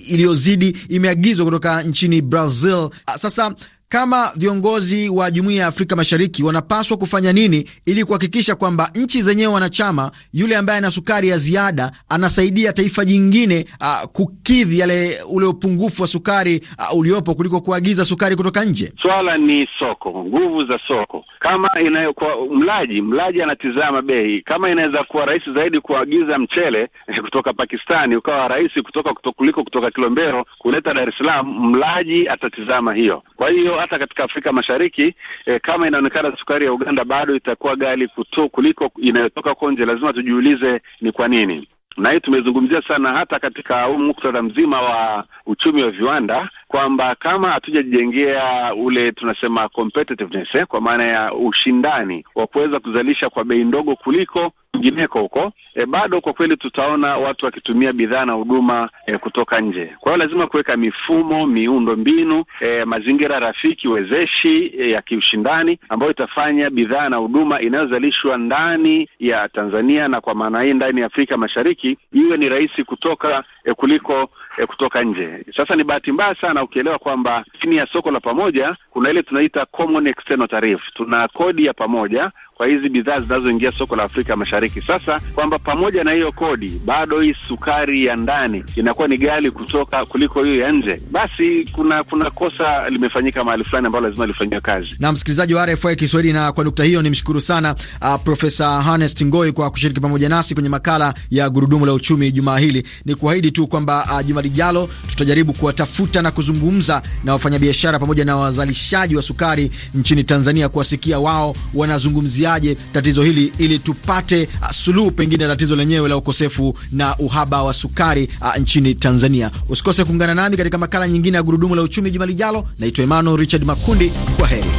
iliyozidi imeagizwa kutoka nchini Brazil. sasa kama viongozi wa Jumuiya ya Afrika Mashariki wanapaswa kufanya nini ili kuhakikisha kwamba nchi zenyewe wanachama, yule ambaye ana sukari ya ziada anasaidia taifa jingine uh, kukidhi yale ule upungufu wa sukari uh, uliopo kuliko kuagiza sukari kutoka nje? Swala ni soko, nguvu za soko. Kama inayokuwa mlaji, mlaji anatizama bei. Kama inaweza kuwa rahisi zaidi kuagiza mchele eh, kutoka Pakistani ukawa rahisi kutoka kuliko kutoka Kilombero kuleta Dar es Salaam, mlaji atatizama hiyo. Kwa hiyo hata katika Afrika Mashariki eh, kama inaonekana sukari ya Uganda bado itakuwa ghali kuto kuliko inayotoka konje lazima tujiulize ni kwa nini na hii tumezungumzia sana hata katika huu muktadha mzima wa uchumi wa viwanda kwamba kama hatujajengea ule tunasema competitiveness eh, kwa maana ya ushindani wa kuweza kuzalisha kwa bei ndogo kuliko kwingineko huko e, bado kwa kweli tutaona watu wakitumia bidhaa na huduma e, kutoka nje. Kwa hiyo lazima kuweka mifumo, miundo mbinu e, mazingira rafiki wezeshi e, ya kiushindani ambayo itafanya bidhaa na huduma inayozalishwa ndani ya Tanzania na kwa maana hii ndani ya Afrika Mashariki iwe ni rahisi kutoka e, kuliko eh, kutoka nje. Sasa ni bahati mbaya sana ukielewa kwamba chini ya soko la pamoja kuna ile tunaita common external tariff, tuna kodi ya pamoja kwa hizi bidhaa zinazoingia soko la Afrika Mashariki. Sasa kwamba pamoja na hiyo kodi, bado hii sukari ya ndani inakuwa ni ghali kutoka kuliko hiyo ya nje, basi kuna kuna kosa limefanyika mahali fulani ambalo lazima lifanyiwe kazi. Na msikilizaji wa RFI Kiswahili, na kwa nukta hiyo nimshukuru sana uh, Profesa Hannes Tingoi kwa kushiriki pamoja nasi kwenye makala ya gurudumu la uchumi jumaa hili. Ni kuahidi tu kwamba uh, juma lijalo tutajaribu kuwatafuta na kuzungumza na wafanyabiashara pamoja na wazalishaji wa sukari nchini Tanzania kuwasikia wao wanazungumzia tunaangaliaje tatizo hili ili tupate uh, suluhu pengine tatizo lenyewe la ukosefu na uhaba wa sukari uh, nchini Tanzania. Usikose kuungana nami katika makala nyingine ya gurudumu la uchumi juma lijalo. Naitwa Emmanuel Richard Makundi, kwa heri.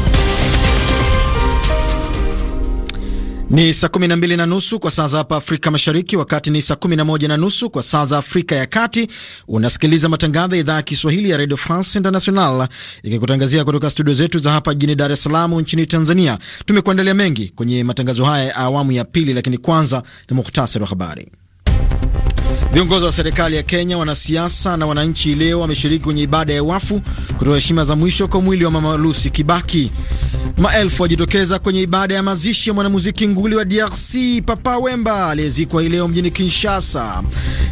Ni saa 12 na nusu kwa saa za hapa Afrika Mashariki, wakati ni saa 11 na nusu kwa saa za Afrika ya Kati. Unasikiliza matangazo ya idhaa ya Kiswahili ya Radio France International ikikutangazia kutoka studio zetu za hapa jijini Dar es Salaam nchini Tanzania. Tumekuandalia mengi kwenye matangazo haya ya awamu ya pili, lakini kwanza ni muhtasari wa habari. Viongozi wa serikali ya Kenya, wanasiasa na wananchi leo wameshiriki kwenye ibada ya wafu kutoa heshima za mwisho kwa mwili wa Mama Lucy Kibaki. Maelfu wajitokeza kwenye ibada ya mazishi ya mwanamuziki nguli wa DRC Papa Wemba aliyezikwa hii leo mjini Kinshasa.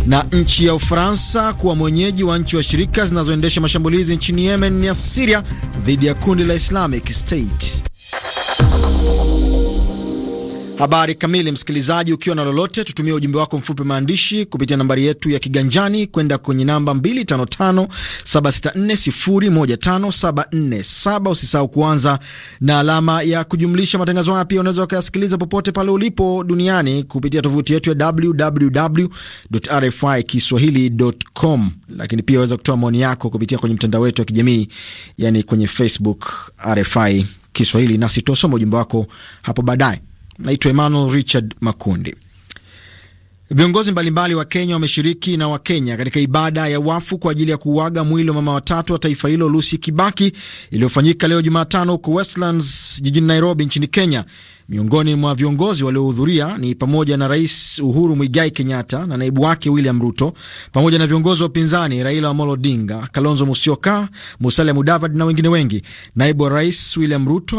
Na nchi ya Ufaransa kuwa mwenyeji wa nchi wa shirika zinazoendesha mashambulizi nchini Yemen na Siria dhidi ya kundi la Islamic State. Habari kamili, msikilizaji, ukiwa na lolote, tutumie ujumbe wako mfupi maandishi kupitia nambari yetu ya kiganjani kwenda kwenye namba 255764015747. Usisahau kuanza na alama ya kujumlisha. Matangazo haya pia unaweza ukayasikiliza popote pale ulipo duniani kupitia tovuti yetu ya www.rfikiswahili.com, lakini pia waweza kutoa maoni yako kupitia kwenye mtandao wetu wa kijamii, yani kwenye Facebook RFI Kiswahili, nasi tutasoma ujumbe wako hapo baadaye. Naitwa Emmanuel Richard Makundi. Viongozi mbalimbali wa Kenya wameshiriki na Wakenya katika ibada ya wafu kwa ajili ya kuuaga mwili wa mama watatu wa taifa hilo Lucy Kibaki, iliyofanyika leo Jumatano huko Westlands jijini Nairobi nchini Kenya. Miongoni mwa viongozi waliohudhuria ni pamoja na Rais Uhuru Mwigai Kenyatta na naibu wake William Ruto, pamoja na viongozi wa upinzani Raila Amolo Odinga, Kalonzo Musyoka, Musalia Mudavadi na wengine wengi. Naibu wa Rais William Ruto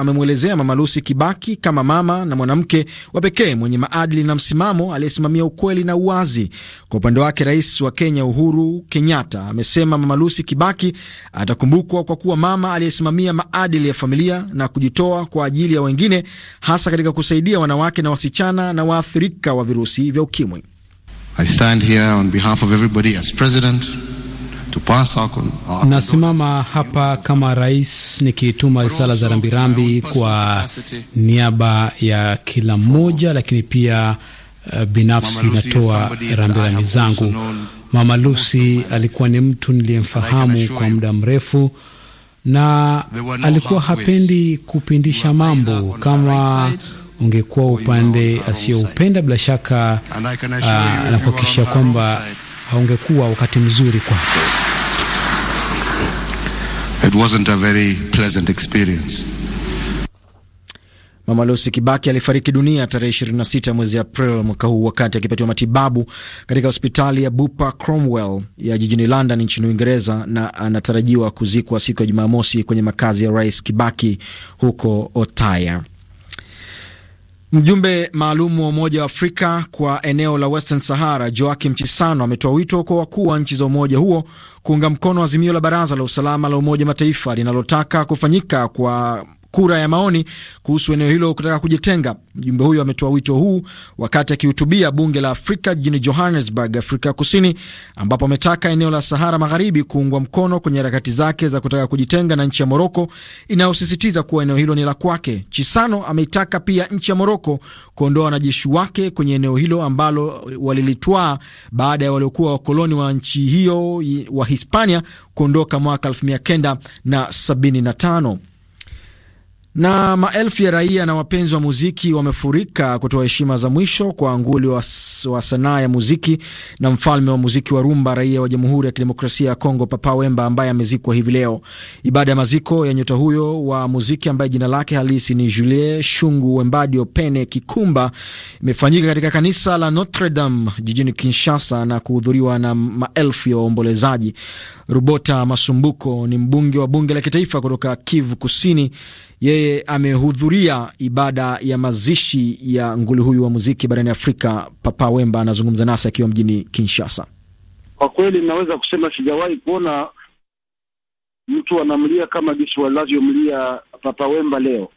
amemwelezea Mama Lucy Kibaki kama mama na mwanamke wa pekee mwenye maadili na msimamo aliyesimamia ukweli na uwazi. Kwa upande wake, Rais wa Kenya Uhuru Kenyatta amesema Mama Lucy Kibaki atakumbukwa kwa kuwa mama aliyesimamia maadili ya familia na kujitoa kwa ajili ya wengine hasa katika kusaidia wanawake na wasichana na waathirika wa virusi vya ukimwi. Nasimama hapa kama rais nikituma risala za rambirambi kwa niaba ya kila mmoja, lakini pia eh, binafsi natoa rambirambi zangu. Mama Lucy alikuwa ni mtu niliyemfahamu kwa muda mrefu, na alikuwa hapendi kupindisha mambo. Kama ungekuwa upande asiyoupenda, bila shaka ah, anakuakisha kwamba haungekuwa wakati mzuri kwake Mama Lucy Kibaki alifariki dunia tarehe 26 mwezi April mwaka huu wakati akipatiwa matibabu katika hospitali ya Bupa Cromwell ya jijini London nchini Uingereza, na anatarajiwa kuzikwa siku ya Jumamosi kwenye makazi ya Rais Kibaki huko Otaya. Mjumbe maalum wa Umoja wa Afrika kwa eneo la Western Sahara Joakim Chisano ametoa wito kwa wakuu wa nchi za umoja huo kuunga mkono azimio la Baraza la Usalama la Umoja Mataifa linalotaka kufanyika kwa kura ya maoni kuhusu eneo hilo kutaka kujitenga. Mjumbe huyo ametoa wito huu wakati akihutubia bunge la Afrika jijini Johannesburg, Afrika Kusini, ambapo ametaka eneo la Sahara Magharibi kuungwa mkono kwenye harakati zake za kutaka kujitenga na nchi ya Moroko inayosisitiza kuwa eneo hilo ni la kwake. Chisano ameitaka pia nchi ya Moroko kuondoa wanajeshi wake kwenye eneo hilo ambalo walilitwaa baada ya waliokuwa wakoloni wa nchi hiyo wa Hispania kuondoka mwaka 1975. Na maelfu ya raia na wapenzi wa muziki wamefurika kutoa heshima za mwisho kwa nguli wa, wa sanaa ya muziki na mfalme wa muziki wa rumba, raia wa Jamhuri ya Kidemokrasia ya Kongo Papa Wemba ambaye amezikwa hivi leo. Ibada ya maziko ya nyota huyo wa muziki ambaye jina lake halisi ni Julie Shungu Wembadio Pene Kikumba imefanyika katika kanisa la Notre Dame jijini Kinshasa na kuhudhuriwa na maelfu ya waombolezaji. Rubota Masumbuko ni mbunge wa bunge la kitaifa kutoka Kivu Kusini yeye amehudhuria ibada ya mazishi ya nguli huyu wa muziki barani Afrika, Papa Wemba. Anazungumza nasi akiwa mjini Kinshasa. Kwa kweli naweza kusema sijawahi kuona mtu anamlia kama jinsi wanavyomlia Papa Wemba leo.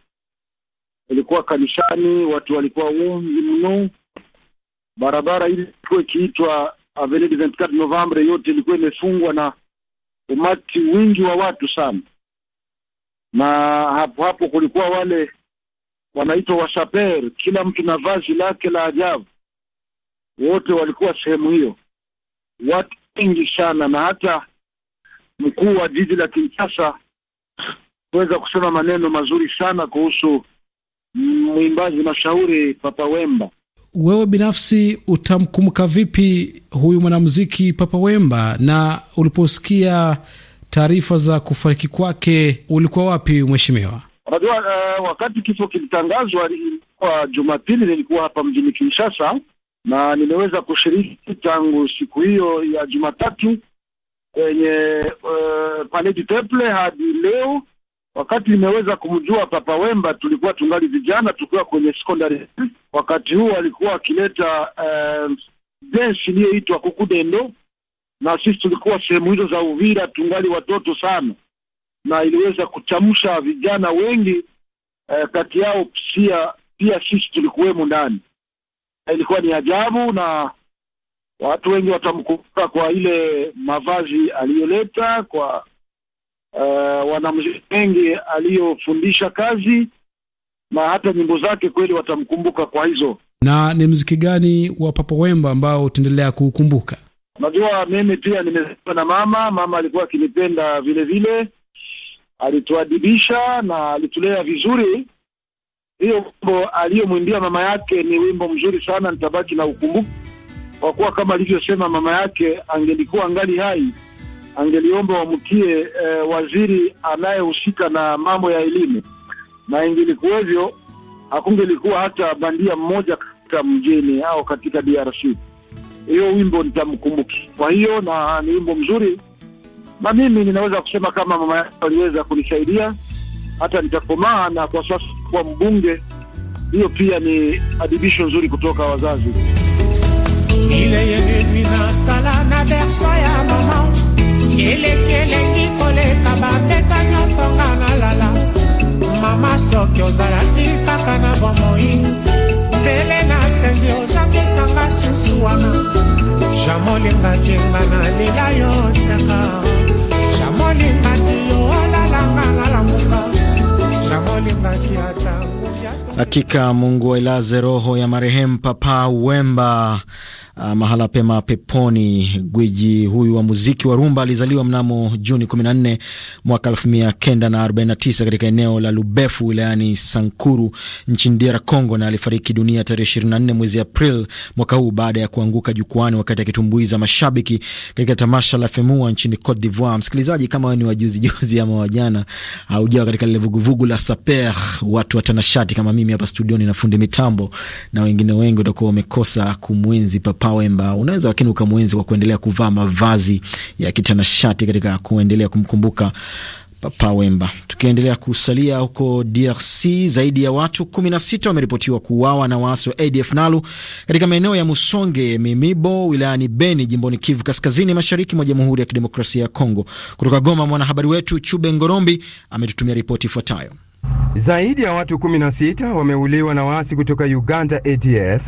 Ilikuwa kanisani, watu walikuwa wengi mno, barabara ile ilikuwa ikiitwa Avenue 24 Novembre, yote ilikuwa imefungwa na umati wingi wa watu sana na hapo hapo kulikuwa wale wanaitwa washaper, kila mtu na vazi lake la ajabu. Wote walikuwa sehemu hiyo, watu wengi sana, na hata mkuu wa jiji la Kinshasa kuweza kusema maneno mazuri sana kuhusu mwimbaji mashauri Papa Wemba. Wewe binafsi utamkumbuka vipi huyu mwanamuziki Papa Wemba, na uliposikia taarifa za kufariki kwake. Ulikuwa wapi mheshimiwa? Unajua, uh, wakati kifo kilitangazwa kwa Jumapili, nilikuwa hapa mjini Kinshasa na nimeweza kushiriki tangu siku hiyo ya Jumatatu kwenye uh, Palais du hadi leo. Wakati nimeweza kumjua Papa Wemba, tulikuwa tungali vijana, tukiwa kwenye secondary. Wakati huu alikuwa akileta uh, eh, densi iliyoitwa kukudendo na sisi tulikuwa sehemu hizo za Uvira tungali watoto sana, na iliweza kuchamsha vijana wengi eh, kati yao pia pia sisi tulikuwemo ndani. Ilikuwa ni ajabu, na watu wengi watamkumbuka kwa ile mavazi aliyoleta kwa Uh, wanamuziki wengi aliyofundisha kazi na hata nyimbo zake kweli watamkumbuka kwa hizo. Na ni mziki gani wa Papa Wemba ambao utaendelea kuukumbuka? Unajua, mimi pia nimezaliwa na mama. Mama alikuwa akinipenda vile vile, alituadibisha na alitulea vizuri. Hiyo wimbo aliyomwimbia mama yake ni wimbo mzuri sana, nitabaki na ukumbuka, kwa kuwa kama alivyosema mama yake, angelikuwa angali hai, angeliomba wamtie eh, waziri anayehusika na mambo ya elimu, na ingelikuwa hivyo hakungelikuwa hata bandia mmoja katika mjini au katika DRC hiyo wimbo nitamkumbuka. Kwa hiyo na ni wimbo mzuri, na mimi ninaweza kusema kama mama yake aliweza kunisaidia hata nitakomaa, na kwa sasa kuwa mbunge, hiyo pia ni adibisho nzuri kutoka wazazi. Mama soki ozalaki kaka na bomoi ndele nasengi ozangisanga susu wana jamolinga tinga nalila yo seka jamolingaki yo olalanga nalamuka jamolingaki ata Hakika Mungu ailaze roho ya marehemu Papa Wemba. Uh, mahala pema peponi. Gwiji huyu wa muziki wa rumba alizaliwa mnamo Juni 14 mwaka 1949 katika eneo la Lubefu wilayani Sankuru nchini DR Congo, na alifariki dunia tarehe 24 mwezi April mwaka huu baada ya kuanguka jukwani wakati akitumbuiza mashabiki katika tamasha la Femua nchini Cote d'Ivoire. Msikilizaji, kama wewe ni wajuzi juzi ama wajana haujawa katika lile vuguvugu la Saper, watu watanashati kama mimi hapa studioni na fundi mitambo na wengine wengi, utakuwa umekosa kumwenzi papo Pawemba. Unaweza lakini ukamwenzi kwa kuendelea kuvaa mavazi ya kitanashati katika kuendelea kumkumbuka Papa Wemba. Tukiendelea kusalia huko DRC, zaidi ya watu 16 wameripotiwa kuuawa na waasi wa ADF Nalu katika maeneo ya Musonge, Mimibo wilayani Beni, jimboni Kivu Kaskazini, mashariki mwa Jamhuri ya Kidemokrasia ya Kongo. Kutoka Goma, mwanahabari wetu Chube Ngorombi ametutumia ripoti ifuatayo. Zaidi ya watu 16 wameuliwa na waasi kutoka Uganda ADF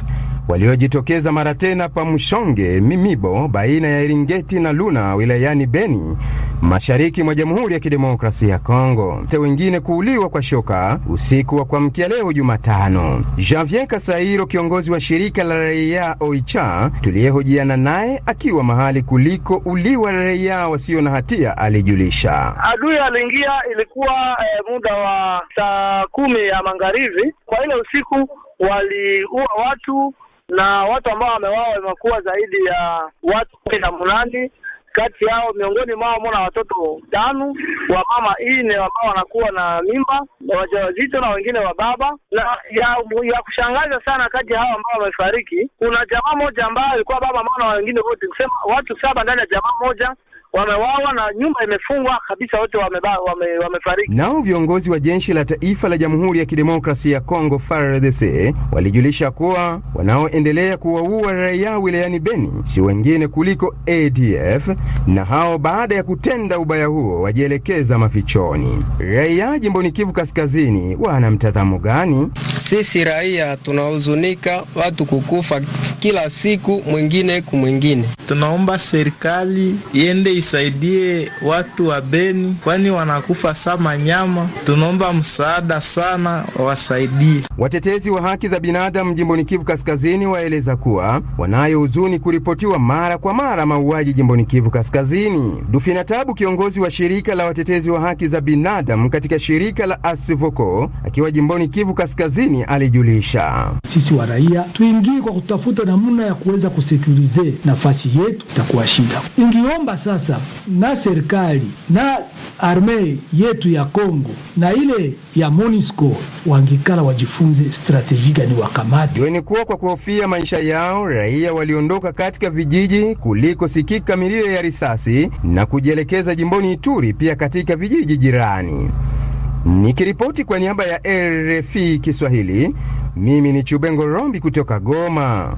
waliojitokeza mara tena pa Mshonge Mimibo, baina ya Iringeti na Luna wilayani Beni, mashariki mwa Jamhuri ya Kidemokrasia ya Kongo, te wengine kuuliwa kwa shoka usiku wa kuamkia leo Jumatano. Janvier Kasairo, kiongozi wa shirika la raia Oicha tuliyehojiana naye akiwa mahali kuliko uliwa raia wasio na hatia, alijulisha adui aliingia, ilikuwa eh, muda wa saa kumi ya magharibi. Kwa ile usiku waliua watu na watu ambao wamewawa wamekuwa zaidi ya watu kumi na munane kati yao miongoni mwao mona watoto tano wa mama ine ambao wanakuwa na mimba na wajawazito na wengine wa baba. Na ya, ya kushangaza sana, kati ya hao ambao wamefariki kuna jamaa moja ambayo alikuwa baba mama na wengine wote, kusema watu saba ndani ya jamaa moja wamewawa na nyumba imefungwa kabisa, wote wamefariki wame, wame. Nao viongozi wa jeshi la taifa la Jamhuri ya Kidemokrasia ya Kongo FARDC walijulisha kuwa wanaoendelea kuwaua raia wilayani Beni si wengine kuliko ADF, na hao baada ya kutenda ubaya huo wajielekeza mafichoni. Raia jimboni Kivu Kaskazini wana mtazamo gani? Sisi raia tunahuzunika, watu kukufa kila siku, mwingine kumwingine. Tunaomba serikali iende isaidie watu wa Beni, kwani wanakufa sama nyama. Tunaomba msaada sana, wasaidie. Watetezi wa haki za binadamu jimboni Kivu Kaskazini waeleza kuwa wanayo huzuni kuripotiwa mara kwa mara mauaji jimboni Kivu Kaskazini. Dufina Tabu, kiongozi wa shirika la watetezi wa haki za binadamu katika shirika la Asivoko, akiwa jimboni Kivu Kaskazini, alijulisha sisi wa raia tuingie kwa kutafuta namna ya kuweza kusekurize nafasi yetu, itakuwa shida. Ingiomba sasa sasa na serikali na armee yetu ya Kongo na ile ya MONUSCO wangikala wajifunze strateji gani wakamati Jueni kuwa kwa kuhofia maisha yao raia waliondoka katika vijiji sikika milio ya risasi na kujielekeza jimboni Ituri, pia katika vijiji jirani. Nikiripoti kwa niaba ya RFI Kiswahili, mimi ni Chubengo Rombi kutoka Goma.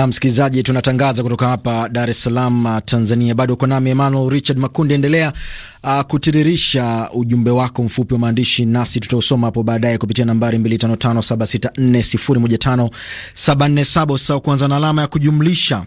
Na msikilizaji, tunatangaza kutoka hapa Dar es Salaam, Tanzania. Bado uko nami Emmanuel Richard Makundi. Endelea uh, kutiririsha ujumbe wako mfupi wa maandishi, nasi tutausoma hapo baadaye kupitia nambari 255764015747 sasa kuanza na alama ya kujumlisha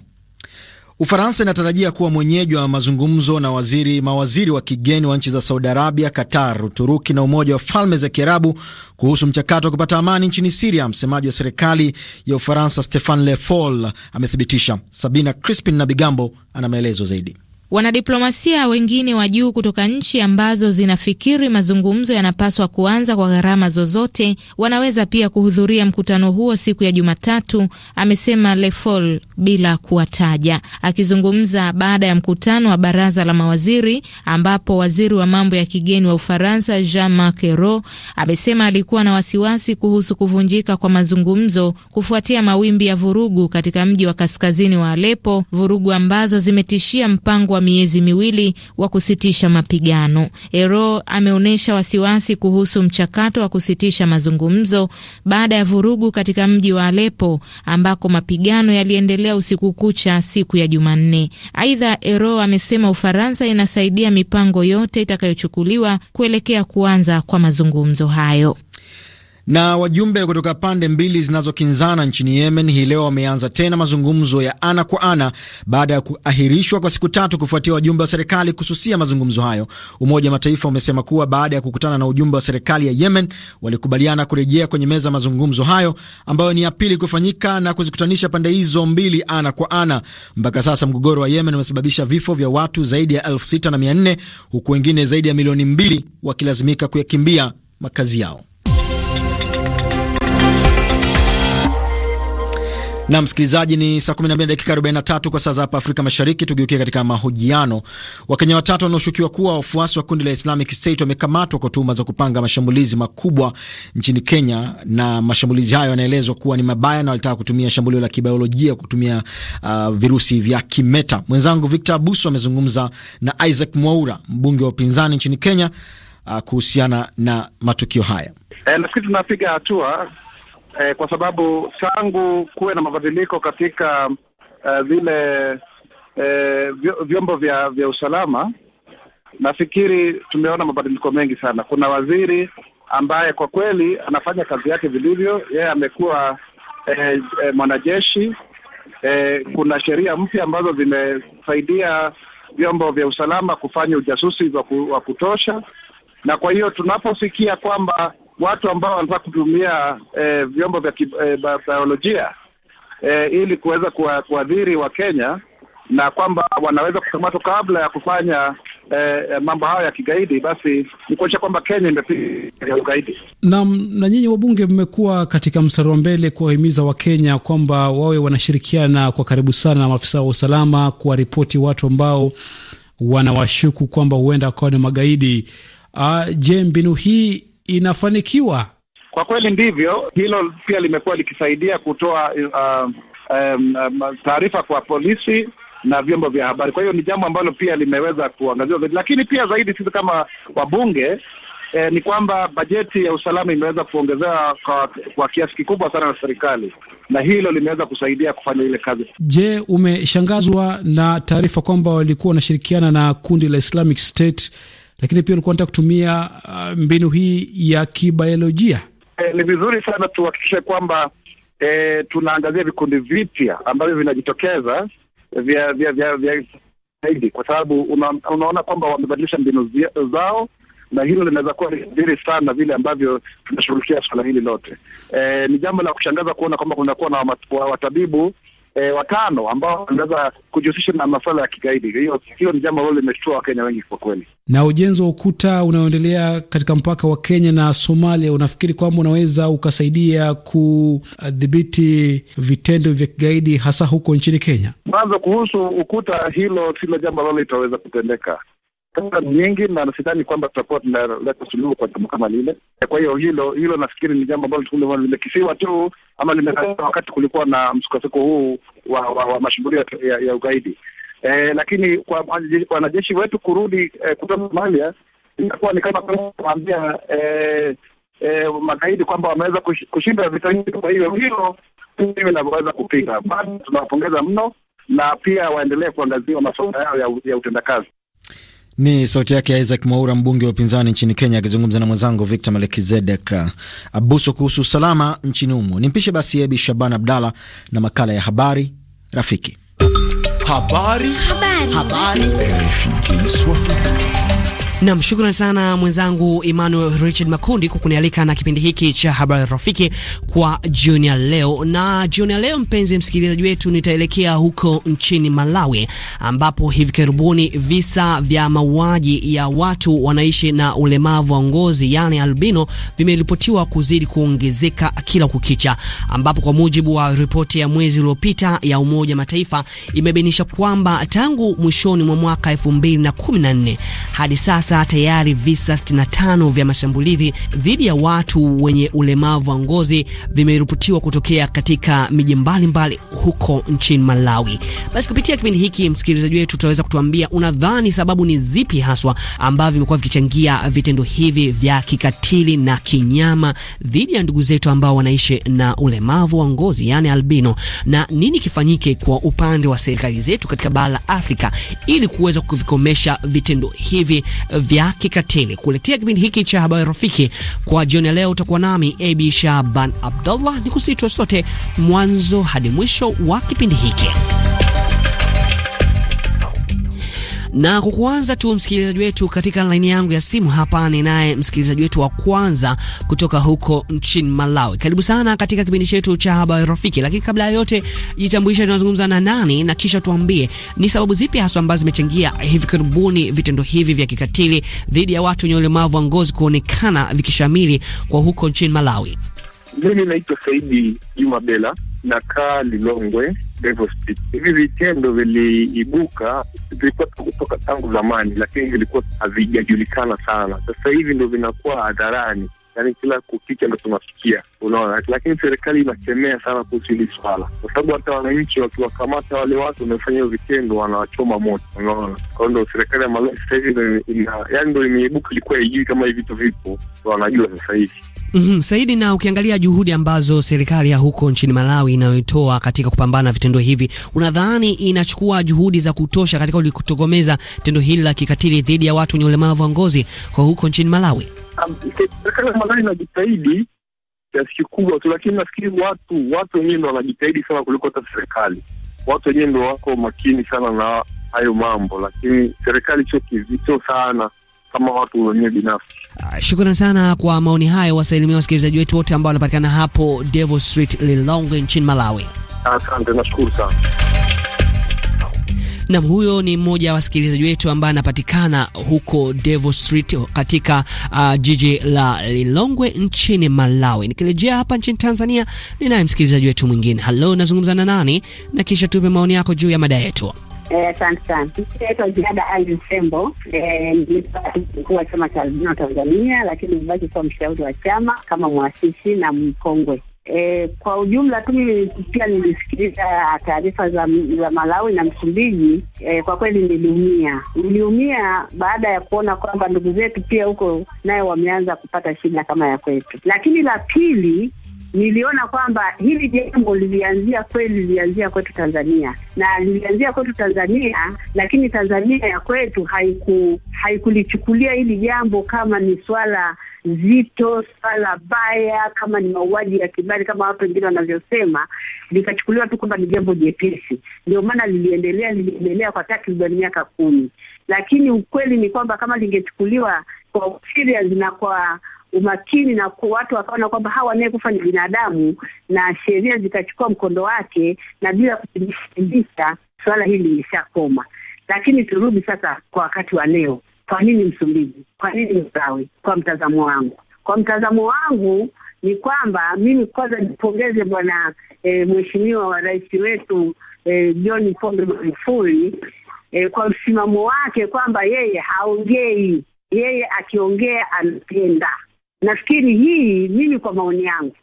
Ufaransa inatarajia kuwa mwenyeji wa mazungumzo na waziri, mawaziri wa kigeni wa nchi za Saudi Arabia, Qatar, Uturuki na Umoja wa Falme za Kiarabu kuhusu mchakato wa kupata amani nchini Siria. Msemaji wa serikali ya Ufaransa Stefan Le Foll amethibitisha. Sabina Crispin na Bigambo ana maelezo zaidi. Wanadiplomasia wengine wa juu kutoka nchi ambazo zinafikiri mazungumzo yanapaswa kuanza kwa gharama zozote wanaweza pia kuhudhuria mkutano huo siku ya Jumatatu, amesema lefol bila kuwataja. Akizungumza baada ya mkutano wa baraza la mawaziri ambapo waziri wa mambo ya kigeni wa Ufaransa Jean-Marc Ayrault amesema alikuwa na wasiwasi kuhusu kuvunjika kwa mazungumzo kufuatia mawimbi ya vurugu katika mji wa kaskazini wa Aleppo, vurugu ambazo zimetishia mpango wa miezi miwili wa kusitisha mapigano. Ero ameonyesha wasiwasi kuhusu mchakato wa kusitisha mazungumzo baada ya vurugu katika mji wa Alepo ambako mapigano yaliendelea usiku kucha siku ya Jumanne. Aidha, Ero amesema Ufaransa inasaidia mipango yote itakayochukuliwa kuelekea kuanza kwa mazungumzo hayo. Na wajumbe kutoka pande mbili zinazokinzana nchini Yemen hii leo wameanza tena mazungumzo ya ana kwa ana baada ya kuahirishwa kwa siku tatu kufuatia wajumbe wa serikali kususia mazungumzo hayo. Umoja wa Mataifa umesema kuwa baada ya kukutana na ujumbe wa serikali ya Yemen walikubaliana kurejea kwenye meza mazungumzo hayo ambayo ni ya pili kufanyika na kuzikutanisha pande hizo mbili ana kwa ana. Mpaka sasa mgogoro wa Yemen umesababisha vifo vya watu zaidi ya elfu sita na mia nne huku wengine zaidi ya milioni mbili wakilazimika kuyakimbia makazi yao. Na msikilizaji, ni saa 12 dakika 43 kwa saa za hapa Afrika Mashariki. Tugeukie katika mahojiano. Wakenya watatu wanaoshukiwa kuwa wafuasi wa kundi la Islamic State wamekamatwa kwa tuhuma za kupanga mashambulizi makubwa nchini Kenya, na mashambulizi hayo yanaelezwa kuwa ni mabaya na walitaka kutumia shambulio la kibiolojia kutumia uh, virusi vya kimeta. Mwenzangu Victor Abuso amezungumza na Isaac Mwaura, mbunge wa upinzani nchini Kenya, uh, kuhusiana na matukio haya. E, nafikiri tunapiga hatua eh, kwa sababu tangu kuwe na mabadiliko katika eh, vile eh, vyombo vya, vya usalama, nafikiri tumeona mabadiliko mengi sana. Kuna waziri ambaye kwa kweli anafanya kazi yake vilivyo, yeye amekuwa eh, eh, mwanajeshi eh, kuna sheria mpya ambazo zimesaidia vyombo vya usalama kufanya ujasusi wa kutosha, na kwa hiyo tunaposikia kwamba watu ambao wanataka kutumia eh, vyombo vya eh, biolojia eh, ili kuweza kuadhiri kenya na kwamba wanaweza kukamatwa kabla ya kufanya eh, mambo hayo ya kigaidi, basi ni kuonyesha kwamba Kenya imepiga ugaidi. Naam, na nyinyi wabunge mmekuwa katika mstari wa mbele kuwahimiza Wakenya kwamba wawe wanashirikiana kwa karibu sana na maafisa wa usalama kuwaripoti watu ambao wanawashuku kwamba huenda wakawa ni magaidi. Uh, je, mbinu hii inafanikiwa? Kwa kweli ndivyo, hilo pia limekuwa likisaidia kutoa uh, um, um, taarifa kwa polisi na vyombo vya habari. Kwa hiyo ni jambo ambalo pia limeweza kuangaziwa zaidi, lakini pia zaidi sisi kama wabunge eh, ni kwamba bajeti ya usalama imeweza kuongezewa kwa, kwa kiasi kikubwa sana na serikali, na hilo limeweza kusaidia kufanya ile kazi. Je, umeshangazwa na taarifa kwamba walikuwa wanashirikiana na kundi la Islamic State lakini pia ulikuwa nataka kutumia uh, mbinu hii ya kibiolojia. E, ni vizuri sana tuhakikishe kwamba e, tunaangazia vikundi vipya ambavyo vinajitokeza vya vya vya vya zaidi, kwa sababu una, unaona kwamba wamebadilisha mbinu zao na hilo linaweza kuwa lidhiri sana vile ambavyo tunashughulikia swala hili lote. E, ni jambo la kushangaza kuona kwamba kunakuwa na watabibu e, watano ambao wanaweza kujihusisha na masuala ya kigaidi. Hiyo hiyo ni jambo ambalo limeshtua Wakenya wengi kwa kweli. Na ujenzi wa ukuta unaoendelea katika mpaka wa Kenya na Somalia, unafikiri kwamba unaweza ukasaidia kudhibiti vitendo vya kigaidi hasa huko nchini Kenya? Kwanza kuhusu ukuta, hilo silo jambo ambalo litaweza kutendeka kama nyingi, na sidhani kwamba tutakuwa tunaleta suluhu kwa jambo kama lile. Kwa hiyo hilo hilo nafikiri ni jambo ambalo limekisiwa tu ama limekaa wakati kulikuwa na msukosuko huu wa, wa, wa mashughuli ya, ya ugaidi eh, lakini kwa wanajeshi wetu kurudi eh, kutoka Somalia itakuwa ni kama kuambia eh, eh, magaidi kwamba wameweza kushinda vita hivi. Kwa hiyo hilo hiyo inavyoweza kupinga, bado tunawapongeza mno na pia waendelee kuangaziwa masuala yao ya, ya utendakazi. Ni sauti yake Isaac Mwaura, mbunge wa upinzani nchini Kenya, akizungumza na mwenzangu Victor melkizedek Abuso kuhusu usalama nchini humo. ni mpishe basi Ebi Shaban Abdalla na makala ya habari rafiki. Habari. Habari. Habari. Habari. Nam, shukrani sana mwenzangu Emmanuel Richard Makundi kwa kunialika na kipindi hiki cha habari rafiki kwa jioni ya leo. Na jioni ya leo, mpenzi msikilizaji wetu, nitaelekea huko nchini Malawi ambapo hivi karibuni visa vya mauaji ya watu wanaishi na ulemavu wa ngozi yani albino vimeripotiwa kuzidi kuongezeka kila kukicha, ambapo kwa mujibu wa ripoti ya mwezi uliopita ya Umoja Mataifa imebainisha kwamba tangu mwishoni mwa mwaka 2014 hadi sasa sasa tayari visa 65 vya mashambulizi dhidi ya watu wenye ulemavu wa ngozi vimeripotiwa kutokea katika miji mbalimbali huko nchini Malawi. Basi kupitia kipindi hiki, msikilizaji wetu, tutaweza kutuambia unadhani sababu ni zipi haswa ambavyo vimekuwa vikichangia vitendo hivi vya kikatili na kinyama dhidi ya ndugu zetu ambao wanaishi na ulemavu wa ngozi, yani albino, na nini kifanyike kwa upande wa serikali zetu katika bara la Afrika ili kuweza kuvikomesha vitendo hivi vya kikatili. Kuletea kipindi hiki cha habari rafiki kwa jioni leo, utakuwa nami Abi Shaban Abdullah, ni kusitwa sote mwanzo hadi mwisho wa kipindi hiki. Na kwa kuanza tu msikilizaji wetu katika laini yangu ya simu hapa, ninaye msikilizaji wetu wa kwanza kutoka huko nchini Malawi. Karibu sana katika kipindi chetu cha habari rafiki, lakini kabla ya yote jitambulishe, tunazungumza na nani, na kisha tuambie ni sababu zipi haswa ambazo zimechangia hivi karibuni vitendo hivi vya kikatili dhidi ya watu wenye ulemavu wa ngozi kuonekana vikishamili kwa huko nchini Malawi. Mimi naitwa Saidi Juma Bela, nakaa Lilongwe. Hivi vitendo viliibuka, vilikuwa kutoka tangu zamani, lakini vilikuwa havijajulikana sana. Sasa hivi ndo vinakuwa hadharani yani kila kukicha ndo tunafikia, unaona. Lakini serikali inakemea sana kuhusu hili swala, kwa sababu hata wananchi wakiwakamata wale watu wamefanya hiyo vitendo wanawachoma moto, unaona. Kwao ndo serikali ya Malawi sasa hivi yani ndo imeibuka, ilikuwa haijui kama hivi vitu vipo, wanajua sasa hivi. Mm -hmm. Saidi, na ukiangalia juhudi ambazo serikali ya huko nchini Malawi inayotoa katika kupambana vitendo hivi, unadhani inachukua juhudi za kutosha katika kutokomeza tendo hili la kikatili dhidi ya watu wenye ulemavu wa ngozi kwa huko nchini Malawi? serikali ya Malawi inajitahidi kiasi kikubwa tu, lakini nafikiri watu watu wenyewe ndo wanajitahidi sana kuliko hata serikali. Watu wenyewe ndo wako makini sana na hayo mambo, lakini serikali sio kizito sana kama watu wenyewe binafsi. Uh, shukrani sana kwa maoni hayo. Wasalimia wasikilizaji wetu wote ambao wanapatikana hapo Devil Street Lilongwe nchini Malawi. Asante, nashukuru sana. Nam, huyo ni mmoja wa wasikilizaji wetu ambaye anapatikana huko Devo Street katika uh, jiji la Lilongwe nchini Malawi. Nikirejea hapa nchini Tanzania, ninaye msikilizaji wetu mwingine. Halo, nazungumza na nani? Na kisha tupe maoni yako juu ya mada yetu. Eh, asante eh, sana. Naitwa Jihada Ali Msembo, mkuu eh, wa chama cha Albino Tanzania, lakini mbaki kuwa mshauri wa chama kama mwasisi na mkongwe E, kwa ujumla tu mimi pia nilisikiliza taarifa za, za Malawi na Msumbiji. E, kwa kweli niliumia, niliumia baada ya kuona kwamba ndugu zetu pia huko nayo wameanza kupata shida kama ya kwetu. Lakini la pili niliona kwamba hili jambo lilianzia kweli, lilianzia kwetu Tanzania na lilianzia kwetu Tanzania, lakini Tanzania ya kwetu haiku haikulichukulia hili jambo kama ni swala zito, swala baya, kama ni mauaji ya kibali kama watu wengine wanavyosema, likachukuliwa tu kwamba ni jambo jepesi. Ndio maana liliendelea, liliendelea kwa takriban miaka kumi, lakini ukweli ni kwamba kama lingechukuliwa kwa serious na kwa umakini na kwa watu wakaona kwamba hawa wanayekufa ni binadamu, na sheria zikachukua mkondo wake, na bila kutibisha, suala hili lishakoma. Lakini turudi sasa kwa wakati wa leo. Kwa nini Msumbiji? Kwa nini Malawi? Kwa mtazamo wangu, kwa mtazamo wangu ni kwamba mimi kwanza nipongeze bwana e, mheshimiwa wa rais wetu e, John Pombe Magufuli e, kwa msimamo wake kwamba yeye haongei, yeye akiongea anapenda. Nafikiri hii mimi kwa maoni yangu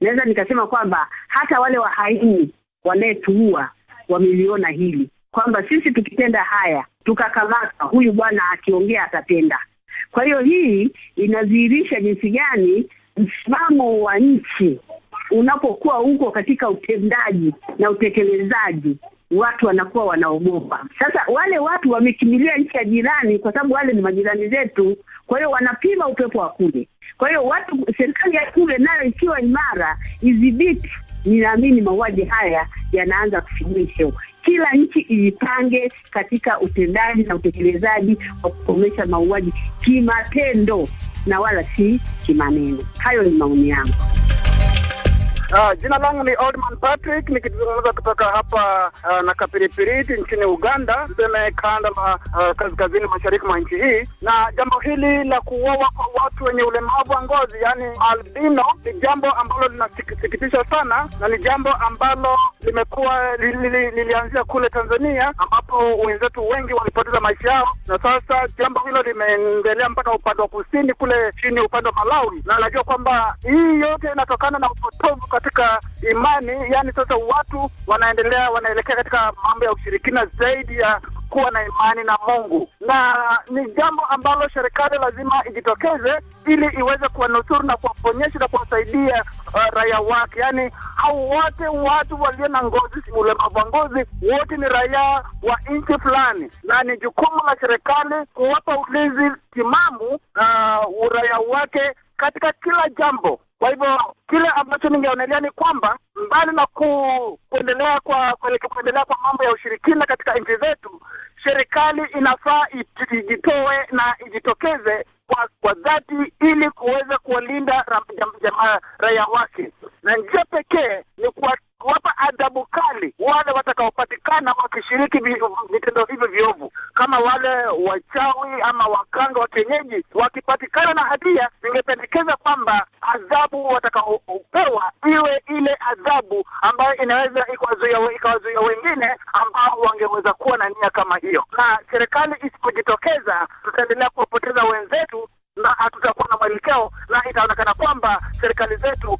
naweza nikasema kwamba hata wale wahaini wanayetuua wameliona hili kwamba sisi tukitenda haya tukakamata, huyu bwana akiongea atatenda. Kwa hiyo hii inadhihirisha jinsi gani msimamo wa nchi unapokuwa uko katika utendaji na utekelezaji, watu wanakuwa wanaogopa. Sasa wale watu wamekimbilia nchi ya jirani, kwa sababu wale ni majirani zetu, kwa hiyo wanapima upepo wa kule. Kwa hiyo watu, serikali ya kule nayo ikiwa imara, idhibiti, ninaamini mauaji haya yanaanza kufinisha kila nchi ijipange katika utendaji na utekelezaji wa kukomesha mauaji kimatendo na wala si kimaneno. Hayo ni maoni yangu. Uh, jina langu ni Oldman Patrick nikizungumza kutoka hapa uh, na Kapiripiriti nchini Uganda, tuseme kanda la uh, kaskazini mashariki mwa nchi hii. Na jambo hili la kuuawa kwa watu wenye ulemavu wa ngozi, yani albino, ni jambo ambalo linasikitisha sana na ni jambo ambalo limekuwa lilianzia li, li, lilianzia kule Tanzania ambapo wenzetu wengi walipoteza maisha yao, na sasa jambo hilo limeendelea mpaka upande wa kusini kule chini, upande wa Malawi, na najua kwamba hii yote inatokana na upotovu katika imani, yani sasa watu wanaendelea wanaelekea katika mambo ya ushirikina zaidi ya kuwa na imani na Mungu, na ni jambo ambalo serikali lazima ijitokeze ili iweze kuwanusuru na kuwaponyesha na kuwasaidia uh, raia wake. yani hao wote watu walio na ngozi ulemavu wa ngozi wote ni raia wa nchi fulani, na ni jukumu la serikali kuwapa ulinzi timamu uh, uraia wake katika kila jambo. Kwa hivyo kile ambacho ningeonelea ni kwamba mbali na ku, kuendelea kwa kuendelea kwa mambo ya ushirikina katika nchi zetu, serikali inafaa ijitoe na ijitokeze kwa, kwa dhati ili kuweza kuwalinda raia wake, na njia pekee ni kuwa kuwapa adhabu kali wale watakaopatikana wakishiriki vitendo hivyo viovu, kama wale wachawi ama wakanga wa kienyeji wakipatikana na hatia. Ningependekeza kwamba adhabu watakaopewa iwe ile adhabu ambayo inaweza ikawazuia wengine ambao wangeweza kuwa na nia kama hiyo, na serikali isipojitokeza, tutaendelea kuwapoteza wenzetu na hatutakuwa na mwelekeo na itaonekana kwamba serikali zetu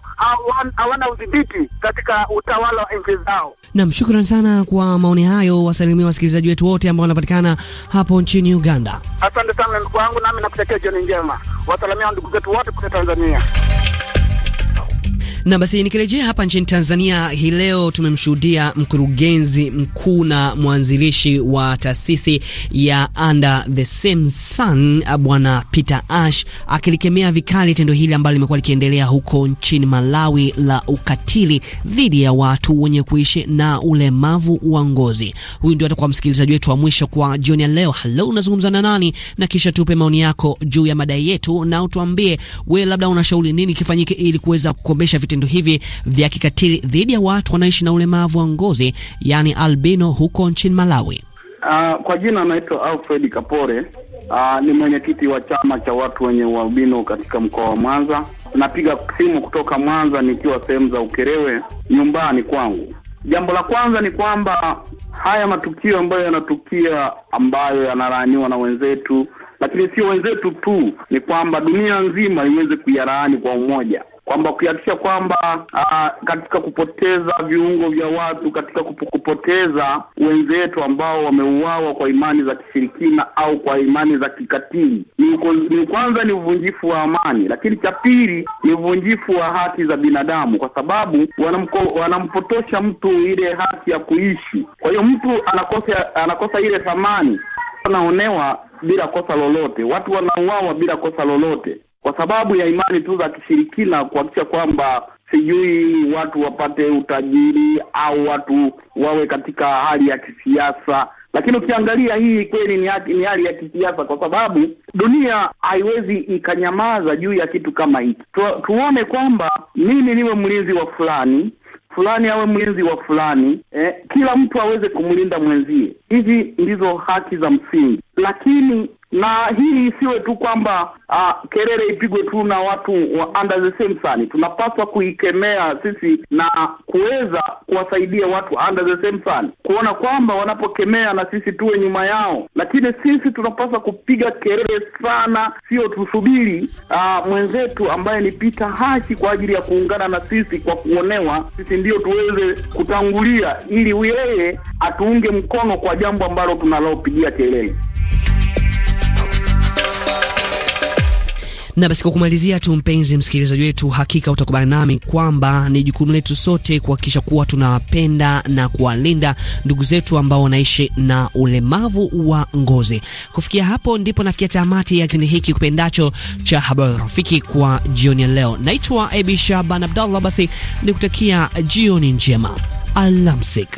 hawana udhibiti katika utawala wa nchi zao. Nam, shukran sana kwa maoni hayo. Wasalimia wasikilizaji wetu wote ambao wanapatikana hapo nchini Uganda. Asante sana kwangu, nami nakutakia jioni njema. Wasalimia ndugu zetu wote kutoka Tanzania. Na basi nikirejea hapa nchini Tanzania, hii leo tumemshuhudia mkurugenzi mkuu na mwanzilishi wa taasisi ya Under the Same Sun Bwana Peter Ash akilikemea vikali tendo hili ambalo limekuwa likiendelea huko nchini Malawi la ukatili dhidi ya watu wenye kuishi na ulemavu wa ngozi. Huyu ndio atakuwa msikilizaji wetu wa mwisho kwa jioni ya leo. Halo, unazungumza na nani? Na kisha tupe maoni yako juu ya madai yetu na utuambie we labda unashauri nini kifanyike ili kuweza kukomesha vitendo vitendo hivi vya kikatili dhidi ya watu wanaishi na ulemavu wa ngozi yani albino huko nchini Malawi. Uh, kwa jina anaitwa Alfred Kapore. Uh, ni mwenyekiti wa chama cha watu wenye ualbino katika mkoa wa Mwanza. Napiga simu kutoka Mwanza nikiwa sehemu za Ukerewe nyumbani kwangu. Jambo la kwanza ni kwamba haya matukio ambayo yanatukia ambayo yanalaaniwa na wenzetu, lakini sio wenzetu tu, ni kwamba dunia nzima iweze kuyalaani kwa umoja kwamba ukihakikisha kwamba uh, katika kupoteza viungo vya watu, katika kupoteza wenzetu ambao wameuawa kwa imani za kishirikina au kwa imani za kikatili, ni kwanza ni uvunjifu wa amani, lakini cha pili ni uvunjifu wa haki za binadamu, kwa sababu wanamko, wanampotosha mtu ile haki ya kuishi. Kwa hiyo mtu anakosa anakosa ile thamani, anaonewa bila kosa lolote, watu wanauawa bila kosa lolote kwa sababu ya imani tu za kishirikina, kuhakikisha kwamba sijui watu wapate utajiri au watu wawe katika hali ya kisiasa. Lakini ukiangalia hii kweli ni hali, ni hali ya kisiasa, kwa sababu dunia haiwezi ikanyamaza juu ya kitu kama hiki. Tu, tuone kwamba mimi niwe mlinzi wa fulani fulani awe mlinzi wa fulani eh, kila mtu aweze kumlinda mwenzie. Hizi ndizo haki za msingi, lakini na hili isiwe tu kwamba uh, ah, kerere ipigwe tu na watu wa under the same sun. Tunapaswa kuikemea sisi na kuweza kuwasaidia watu under the same sun, kuona kwamba wanapokemea na sisi tuwe nyuma yao, lakini sisi tunapaswa kupiga kerere sana, sio tusubiri uh, mwenzetu ambaye ni pita Hashi kwa ajili ya kuungana na sisi kwa kuonewa. Sisi ndio tuweze kutangulia, ili yeye atuunge mkono kwa jambo ambalo tunalopigia kelele. Na basi kwa kumalizia tu, mpenzi msikilizaji wetu, hakika utakubali nami kwamba ni jukumu letu sote kuhakikisha kuwa tunawapenda na kuwalinda ndugu zetu ambao wanaishi na ulemavu wa ngozi. Kufikia hapo ndipo nafikia tamati ya kipindi hiki kipendacho cha habari rafiki kwa jioni ya leo. Naitwa Abi Shaban Abdallah, basi nikutakia jioni njema, alamsik.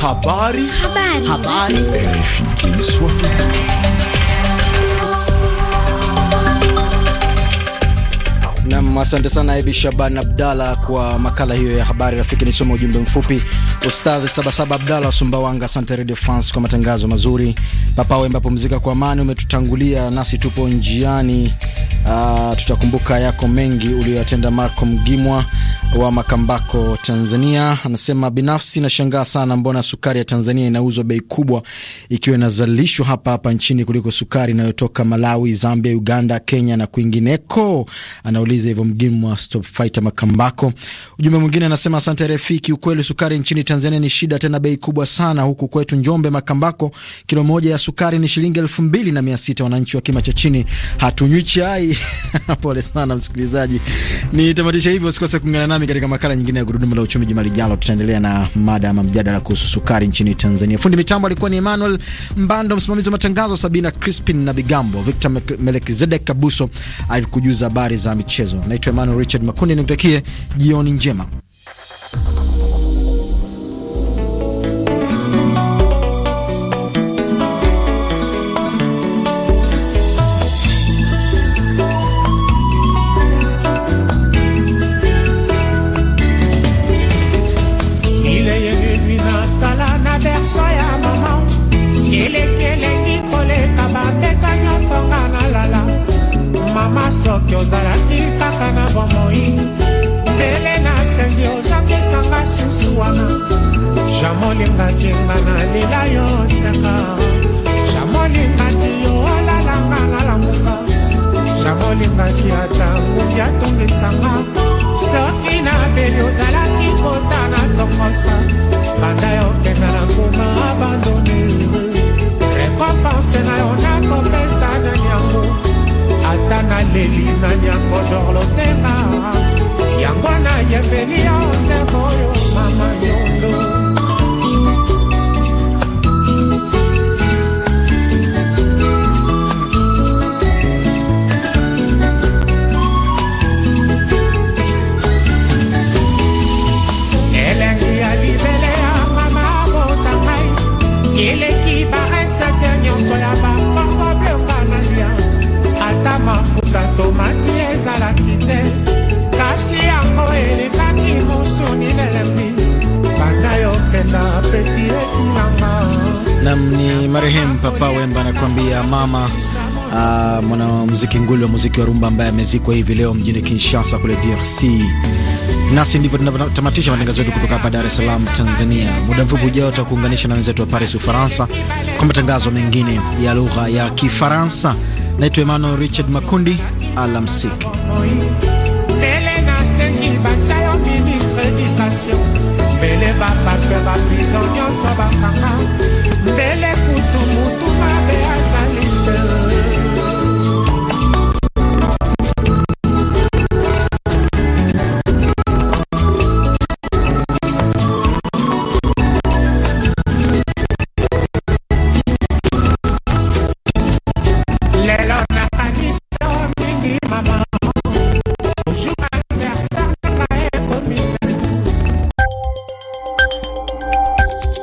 Habari. Habari. Habari. Nam, asante sana Ebi Shaban Abdalla kwa makala hiyo ya habari rafiki. Nisoma ujumbe mfupi. Ustadh Sabasaba Abdalla wa Sumbawanga, asante Radio France kwa matangazo mazuri. Papa Wemba, pumzika kwa amani, umetutangulia nasi tupo njiani. Uh, tutakumbuka yako mengi uliyoyatenda Marco Mgimwa wa Makambako, Tanzania, anasema binafsi nashangaa sana, mbona sukari ya Tanzania inauzwa bei kubwa ikiwa inazalishwa hapa hapa nchini kuliko sukari inayotoka Malawi, Zambia, Uganda, Kenya na kwingineko. Anauliza hivyo mgimu wa Stop Fighter Makambako. Ujumbe mwingine anasema asante rafiki, ukweli sukari nchini Tanzania ni shida, tena bei kubwa sana. Huku kwetu Njombe, Makambako, kilo moja ya sukari ni shilingi elfu mbili na mia sita. Wananchi wa kima cha chini hatunywi chai. (laughs) Pole sana msikilizaji, nitamatisha hivyo, usikose kuungana nami nami katika makala nyingine ya gurudumu la uchumi juma lijalo. Tutaendelea na mada ama mjadala kuhusu sukari nchini Tanzania. Fundi mitambo alikuwa ni Emmanuel Mbando, msimamizi wa matangazo Sabina Crispin na Bigambo. Victor Melekizedek Kabuso alikujuza habari za michezo. Naitwa Emmanuel Richard Makundi, nikutakie jioni njema. mama soki ozalaki kaka na bomoi ndele nasengi ozangisanga susu wana jamolingaki-nga nalela yo seka jamolingaki yo olalanga nalamuka jamolingaki ata ngubi atungisanga soki na beli ozalaki kota na tokosa banda yokenda na nguma abandone rekompanse na yo nakopesa ata naleli na nyangozorlo tema yango nayembeli yo nzembo oyo nam ni marehemu Papa Wemba anakuambia mama. Uh, mwanamuziki nguli wa muziki wa rumba ambaye amezikwa hivi leo mjini Kinshasa kule DRC. Nasi ndivyo tunavyotamatisha matangazo yetu kutoka hapa Dar es Salaam, Tanzania. Muda mfupi ujao takuunganisha na wenzetu wa Paris, Ufaransa, kwa matangazo mengine ya lugha ya Kifaransa. Naitwa Emmanuel Richard Makundi, alamsiki. ndele bapatwe baprizo nyonso bakanga ndele